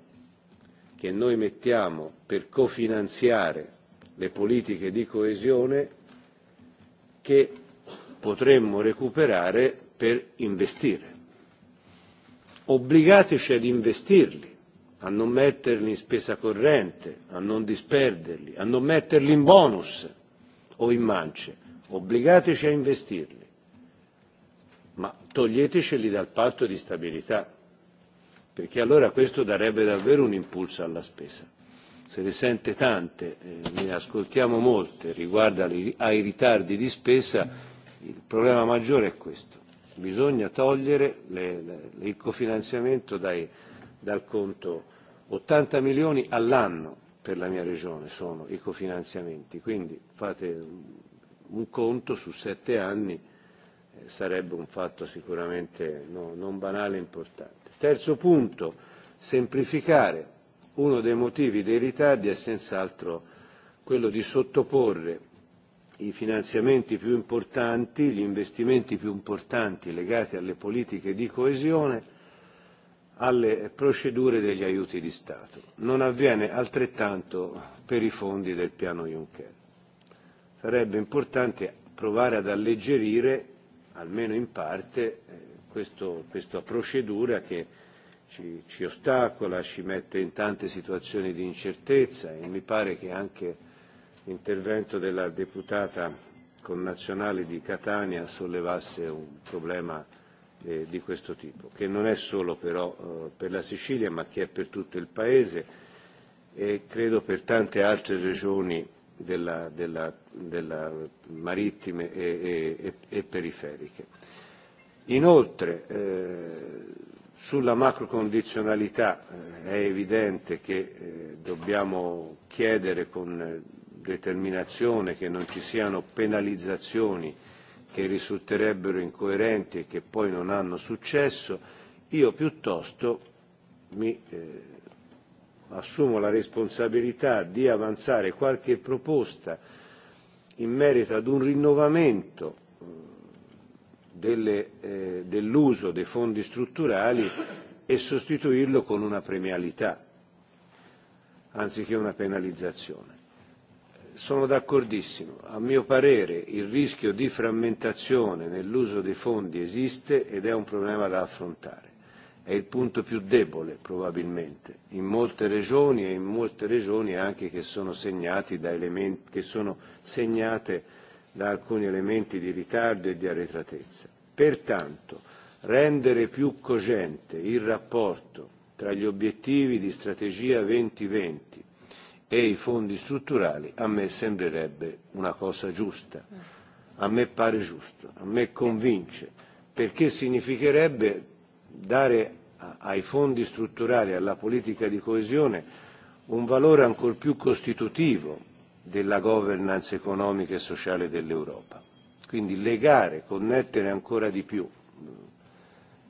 che noi mettiamo per cofinanziare le politiche di coesione che potremmo recuperare per investire. Obbligateci ad investirli, a non metterli in spesa corrente, a non disperderli, a non metterli in bonus o in mance. Obbligateci a investirli ma toglieteceli dal patto di stabilità, perché allora questo darebbe davvero un impulso alla spesa. Se ne sente tante, eh, ne ascoltiamo molte riguardo ai ritardi di spesa, il problema maggiore è questo bisogna togliere le, le, il cofinanziamento dai, dal conto 80 milioni all'anno per la mia regione sono i cofinanziamenti, quindi fate un conto su sette anni eh, sarebbe un fatto sicuramente no, non banale e importante. Terzo punto, semplificare. Uno dei motivi dei ritardi è senz'altro quello di sottoporre i finanziamenti più importanti, gli investimenti più importanti legati alle politiche di coesione, alle procedure degli aiuti di Stato. Non avviene altrettanto per i fondi del piano Juncker. Sarebbe importante provare ad alleggerire, almeno in parte, eh, questo, questa procedura che ci, ci ostacola, ci mette in tante situazioni di incertezza e mi pare che anche l'intervento della deputata connazionale di Catania sollevasse un problema eh, di questo tipo, che non è solo però eh, per la Sicilia, ma che è per tutto il Paese e credo per tante altre regioni della, della, della marittime e, e, e, e periferiche. Inoltre, eh, sulla macrocondizionalità eh, è evidente che eh, dobbiamo chiedere con determinazione che non ci siano penalizzazioni che risulterebbero incoerenti e che poi non hanno successo, io piuttosto mi eh, assumo la responsabilità di avanzare qualche proposta in merito ad un rinnovamento eh, delle, eh, dell'uso dei fondi strutturali e sostituirlo con una premialità anziché una penalizzazione sono d'accordissimo. A mio parere il rischio di frammentazione nell'uso dei fondi esiste ed è un problema da affrontare. È il punto più debole probabilmente in molte regioni e in molte regioni anche che sono, segnati da elementi, che sono segnate da alcuni elementi di ritardo e di arretratezza. Pertanto rendere più cogente il rapporto tra gli obiettivi di strategia 2020 e i fondi strutturali, a me sembrerebbe una cosa giusta. A me pare giusto, a me convince, perché significherebbe dare ai fondi strutturali, alla politica di coesione, un valore ancor più costitutivo della governance economica e sociale dell'Europa. Quindi legare, connettere ancora di più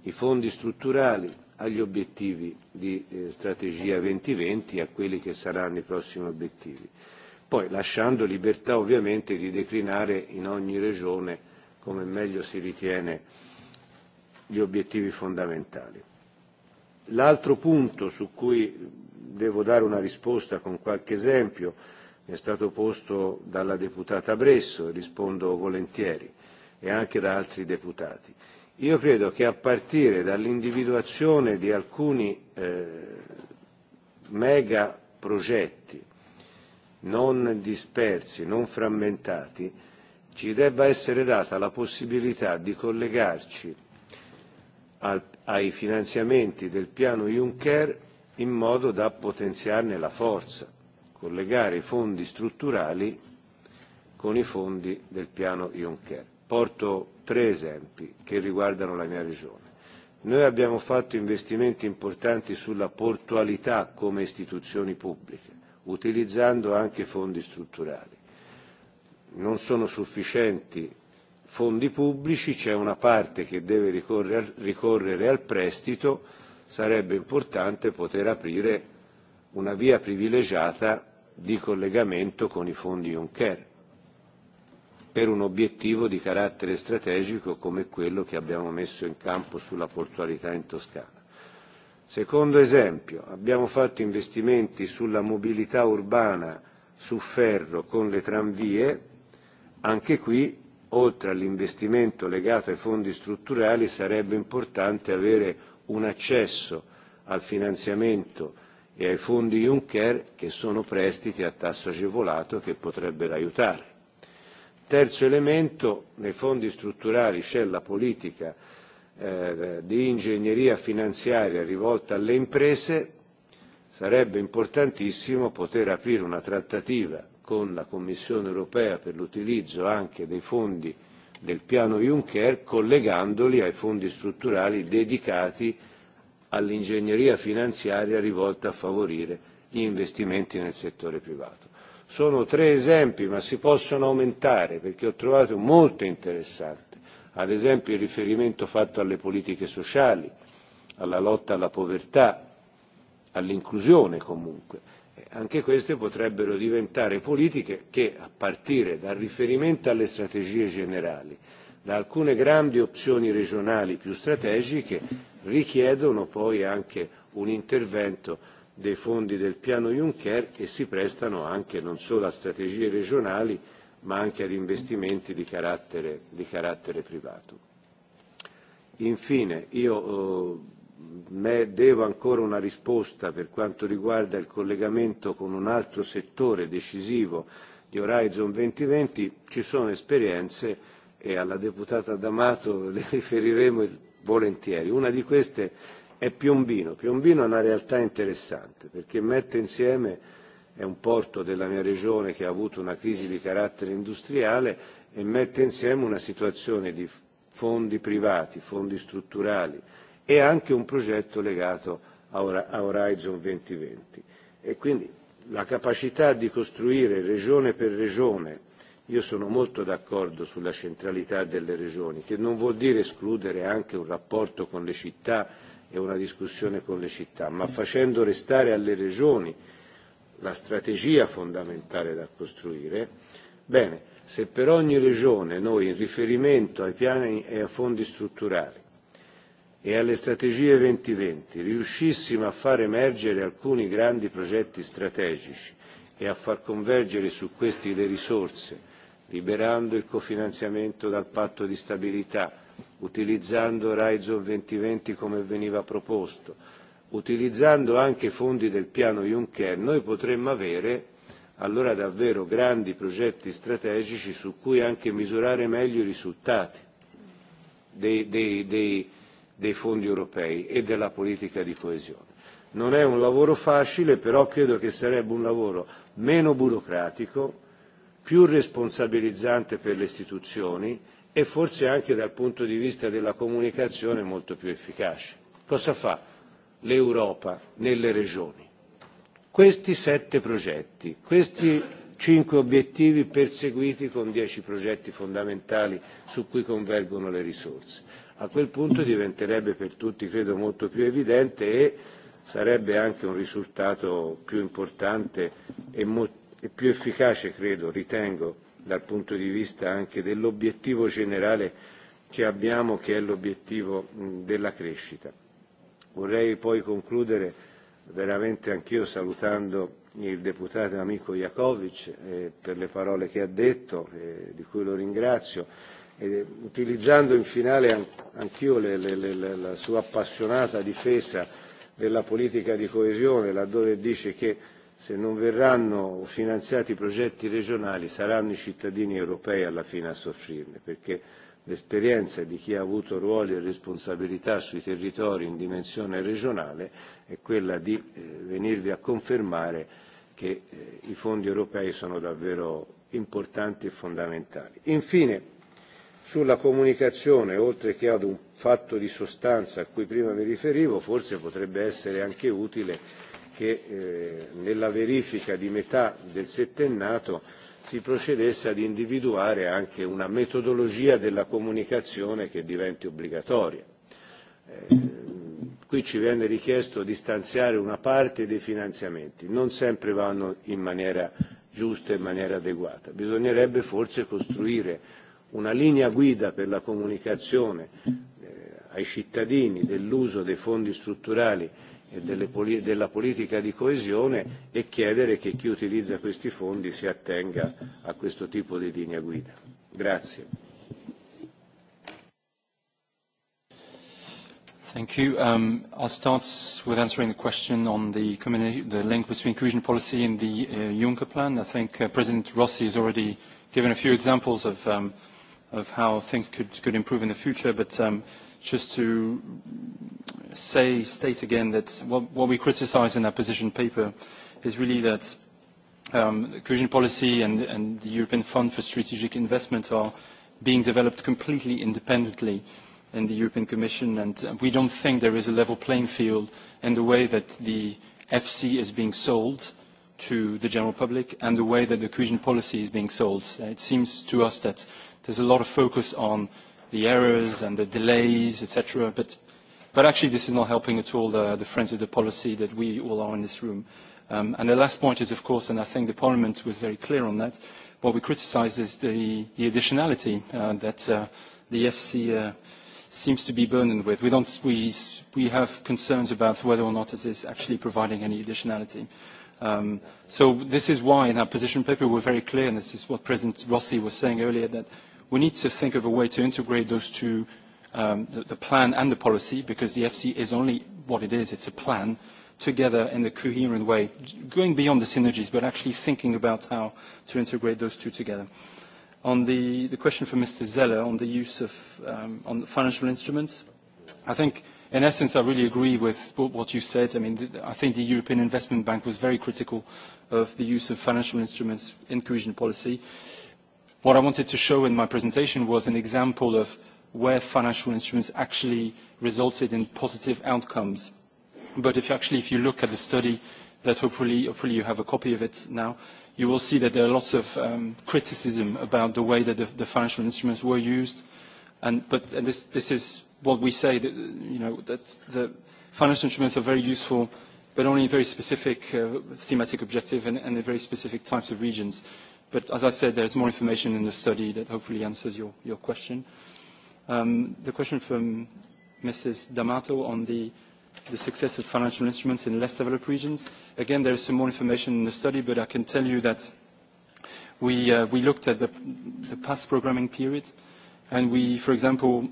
i fondi strutturali agli obiettivi di eh, strategia 2020 e a quelli che saranno i prossimi obiettivi. Poi lasciando libertà ovviamente di declinare in ogni regione come meglio si ritiene gli obiettivi fondamentali. L'altro punto su cui devo dare una risposta con qualche esempio è stato posto dalla deputata Bresso e rispondo volentieri e anche da altri deputati Io credo che a partire dall'individuazione di alcuni eh, mega progetti non dispersi, non frammentati, ci debba essere data la possibilità di collegarci al, ai finanziamenti del piano Juncker in modo da potenziarne la forza, collegare i fondi strutturali con i fondi del piano Juncker. Porto tre esempi che riguardano la mia regione. Noi abbiamo fatto investimenti importanti sulla portualità come istituzioni pubbliche, utilizzando anche fondi strutturali. Non sono sufficienti fondi pubblici, c'è una parte che deve ricorrere, ricorrere al prestito, sarebbe importante poter aprire una via privilegiata di collegamento con i fondi Juncker per un obiettivo di carattere strategico come quello che abbiamo messo in campo sulla portualità in Toscana. Secondo esempio, abbiamo fatto investimenti sulla mobilità urbana su ferro con le tranvie, anche qui oltre all'investimento legato ai fondi strutturali sarebbe importante avere un accesso al finanziamento e ai fondi Juncker che sono prestiti a tasso agevolato che potrebbero aiutare. Terzo elemento, nei fondi strutturali c'è la politica eh, di ingegneria finanziaria rivolta alle imprese, sarebbe importantissimo poter aprire una trattativa con la Commissione europea per l'utilizzo anche dei fondi del piano Juncker collegandoli ai fondi strutturali dedicati all'ingegneria finanziaria rivolta a favorire gli investimenti nel settore privato. Sono tre esempi, ma si possono aumentare perché ho trovato molto interessante, ad esempio il riferimento fatto alle politiche sociali, alla lotta alla povertà, all'inclusione comunque. E anche queste potrebbero diventare politiche che, a partire dal riferimento alle strategie generali, da alcune grandi opzioni regionali più strategiche, richiedono poi anche un intervento dei fondi del piano Juncker e si prestano anche non solo a strategie regionali ma anche ad investimenti di carattere, di carattere privato. Infine, io eh, me devo ancora una risposta per quanto riguarda il collegamento con un altro settore decisivo di Horizon 2020. Ci sono esperienze e alla deputata D'Amato le riferiremo volentieri. Una di queste è Piombino. Piombino è una realtà interessante perché mette insieme è un porto della mia regione che ha avuto una crisi di carattere industriale e mette insieme una situazione di fondi privati, fondi strutturali e anche un progetto legato a Horizon 2020. E quindi la capacità di costruire regione per regione, io sono molto d'accordo sulla centralità delle regioni, che non vuol dire escludere anche un rapporto con le città e una discussione con le città, ma facendo restare alle regioni la strategia fondamentale da costruire, bene, se per ogni regione noi in riferimento ai piani e ai fondi strutturali e alle strategie 2020 riuscissimo a far emergere alcuni grandi progetti strategici e a far convergere su questi le risorse, liberando il cofinanziamento dal patto di stabilità, utilizzando Horizon 2020 come veniva proposto, utilizzando anche fondi del piano Juncker, noi potremmo avere allora davvero grandi progetti strategici su cui anche misurare meglio i risultati dei, dei, dei, dei fondi europei e della politica di coesione. Non è un lavoro facile, però credo che sarebbe un lavoro meno burocratico, più responsabilizzante per le istituzioni e forse anche dal punto di vista della comunicazione molto più efficace. Cosa fa l'Europa nelle regioni? Questi sette progetti, questi cinque obiettivi perseguiti con dieci progetti fondamentali su cui convergono le risorse. A quel punto diventerebbe per tutti, credo, molto più evidente e sarebbe anche un risultato più importante e, mo- e più efficace, credo, ritengo, dal punto di vista anche dell'obiettivo generale che abbiamo, che è l'obiettivo della crescita. Vorrei poi concludere veramente anch'io salutando il deputato amico Jakovic eh, per le parole che ha detto, eh, di cui lo ringrazio, e utilizzando in finale anch'io le, le, le, la sua appassionata difesa della politica di coesione, laddove dice che se non verranno finanziati progetti regionali saranno i cittadini europei alla fine a soffrirne, perché l'esperienza di chi ha avuto ruoli e responsabilità sui territori in dimensione regionale è quella di eh, venirvi a confermare che eh, i fondi europei sono davvero importanti e fondamentali. Infine, sulla comunicazione, oltre che ad un fatto di sostanza a cui prima mi riferivo, forse potrebbe essere anche utile che eh, nella verifica di metà del settennato si procedesse ad individuare anche una metodologia della comunicazione che diventi obbligatoria. Eh, qui ci viene richiesto di stanziare una parte dei finanziamenti, non sempre vanno in maniera giusta e in maniera adeguata. Bisognerebbe forse costruire una linea guida per la comunicazione eh, ai cittadini dell'uso dei fondi strutturali E delle, della politica di coesione e chiedere che chi utilizza questi fondi si attenga a questo tipo di linea guida. Grazie. Thank you. Um, I'll start with answering the question on the, the link between cohesion policy and the uh, Juncker plan. I think uh, President Rossi has already given a few examples of, um, of how things could, could improve in the future, but um, just to say, state again that what, what we criticize in our position paper is really that um, cohesion policy and, and the European Fund for Strategic Investment are being developed completely independently in the European Commission, and uh, we don't think there is a level playing field in the way that the FC is being sold to the general public and the way that the cohesion policy is being sold. It seems to us that there's a lot of focus on the errors and the delays, etc. But, but actually, this is not helping at all the, the friends of the policy that we all are in this room. Um, and the last point is, of course, and I think the Parliament was very clear on that, what we criticise is the, the additionality uh, that uh, the FC uh, seems to be burdened with. We, don't, we, we have concerns about whether or not it is actually providing any additionality. Um, so this is why in our position paper we're very clear, and this is what President Rossi was saying earlier, that we need to think of a way to integrate those two, um, the, the plan and the policy, because the FC is only what it is, it's a plan, together in a coherent way, going beyond the synergies, but actually thinking about how to integrate those two together. On the, the question from Mr. Zeller on the use of um, on the financial instruments, I think in essence, I really agree with what you said. I mean, I think the European Investment Bank was very critical of the use of financial instruments in cohesion policy. Uh, What I wanted to show in my presentation was an example of where financial instruments actually resulted in positive outcomes. But if actually, if you look at the study that hopefully, hopefully you have a copy of it now, you will see that there are lots of um, criticism about the way that the, the financial instruments were used. And, but, and this, this is what we say, that, you know, that the financial instruments are very useful, but only in very specific uh, thematic objective and, and in very specific types of regions. But as I said, there's more information in the study that hopefully answers your, your question. Um, the question from Mrs. D'Amato on the, the success of financial instruments in less developed regions. Again, there's some more information in the study, but I can tell you that we, uh, we looked at the, the past programming period, and we, for example,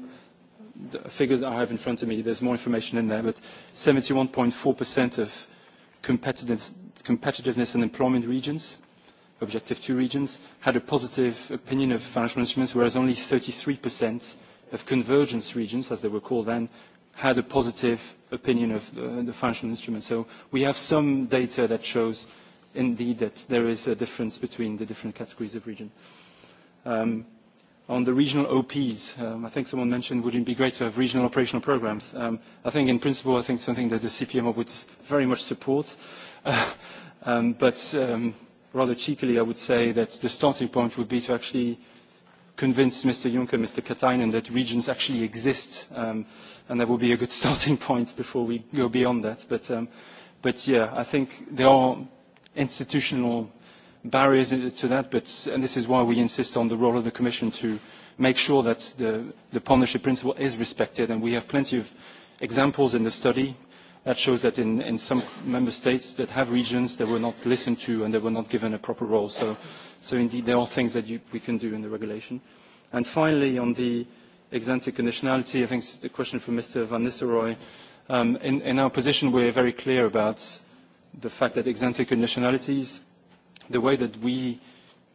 the figures I have in front of me, there's more information in there, but 71.4% of competitive, competitiveness and employment regions Objective 2 regions had a positive opinion of financial instruments, whereas only 33% of convergence regions, as they were called then, had a positive opinion of the, uh, the financial instruments. So we have some data that shows indeed that there is a difference between the different categories of region. Um, on the regional OPs, um, I think someone mentioned, would it be great to have regional operational programs? Um, I think in principle, I think something that the CPMO would very much support. Uh, um, but um, rather cheekily, I would say that the starting point would be to actually convince Mr. Juncker, and Mr. Katainen, that regions actually exist, um, and that would be a good starting point before we go beyond that. But, um, but yeah, I think there are institutional barriers to that, but, and this is why we insist on the role of the Commission to make sure that the, the partnership principle is respected, and we have plenty of examples in the study, That shows that in, in some member states that have regions, they were not listened to and they were not given a proper role. So, so indeed, there are things that you, we can do in the regulation. And finally, on the ex-ante conditionality, I think it's a question for Mr. Van Nistelrooy. Um, in, in our position, we're very clear about the fact that ex-ante conditionalities, the way that we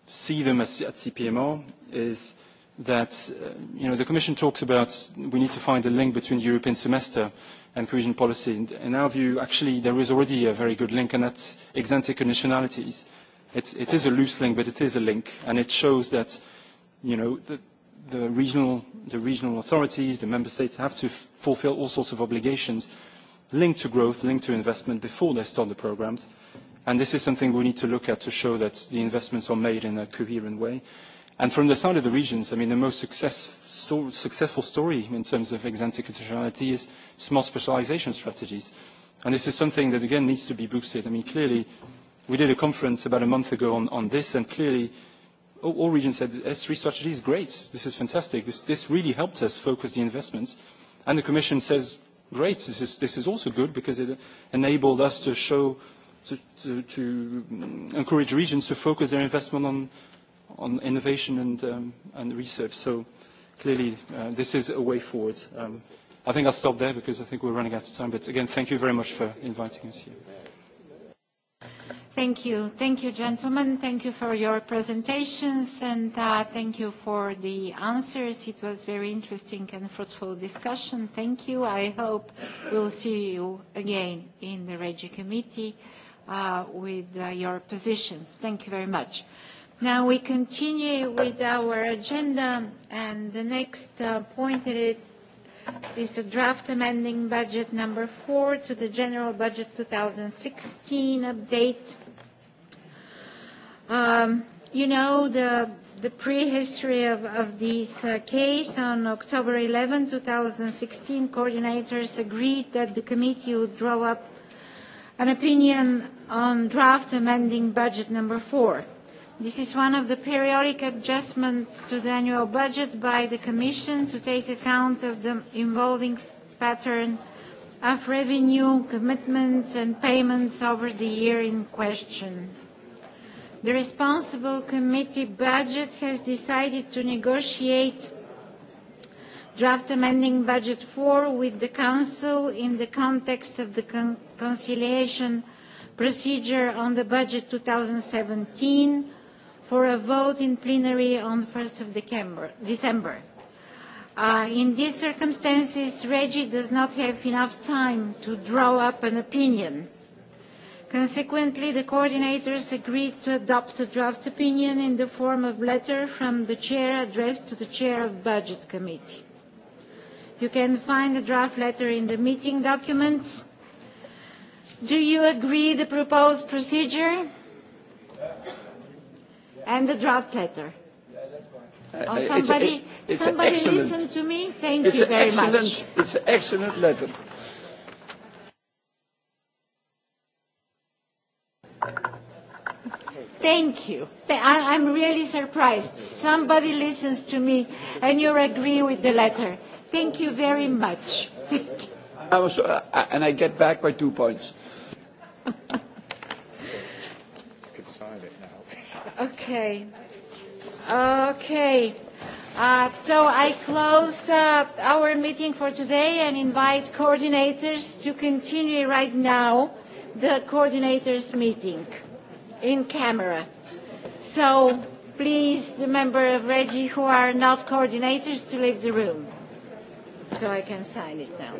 see them as, at CPMO is that, uh, you know, the Commission talks about we need to find a link between the European semester and cohesion policy. in our view, actually, there is already a very good link, and that's ex-ante conditionalities. It's, it is a loose link, but it is a link, and it shows that, you know, the, the, regional, the regional authorities, the member states have to fulfill all sorts of obligations linked to growth, linked to investment before they start the programmes. And this is something we need to look at to show that the investments are made in a coherent way. And from the side of the regions, I mean, the most success sto successful story in terms of ex-ante conditionality is small specialization strategies. And this is something that, again, needs to be boosted. I mean, clearly, we did a conference about a month ago on, on this, and clearly, all, all regions said, S3 strategy is great. This is fantastic. This, this really helped us focus the investments. And the Commission says, great, this is, this is also good because it enabled us to show, to, to, to encourage regions to focus their investment on, on innovation and, um, and research. So clearly, uh, this is a way forward. Um, I think I'll stop there because I think we're running out of time. But again, thank you very much for inviting us here. Thank you. Thank you, gentlemen. Thank you for your presentations, and uh, thank you for the answers. It was very interesting and fruitful discussion. Thank you. I hope we'll see you again in the REGI committee uh, with uh, your positions. Thank you very much. Now we continue with our agenda, and the next uh, point in it is a draft amending budget number four to the general budget 2016 update. Um, you know the the prehistory of, of this uh, case. On October 11, 2016, coordinators agreed that the committee would draw up an opinion on draft amending budget number four. This is one of the periodic adjustments to the annual budget by the Commission to take account of the evolving pattern of revenue commitments and payments over the year in question. The responsible committee budget has decided to negotiate draft amending budget 4 with the Council in the context of the con conciliation procedure on the budget 2017 for a vote in plenary on 1st of December. December. Uh, in these circumstances, REGI does not have enough time to draw up an opinion. Consequently, the coordinators agreed to adopt a draft opinion in the form of letter from the chair addressed to the chair of budget committee. You can find the draft letter in the meeting documents. Do you agree the proposed procedure? and the draft letter. Uh, oh, somebody, it's a, it's somebody listen to me. Thank it's you very excellent, much. It's an excellent letter. Thank you. I, I'm really surprised. Somebody listens to me and you agree with the letter. Thank you very much. I was, uh, and I get back by two points. Okay. Okay. Uh, so I close uh, our meeting for today and invite coordinators to continue right now the coordinators meeting in camera. So please, the member of Reggie who are not coordinators to leave the room. So I can sign it now.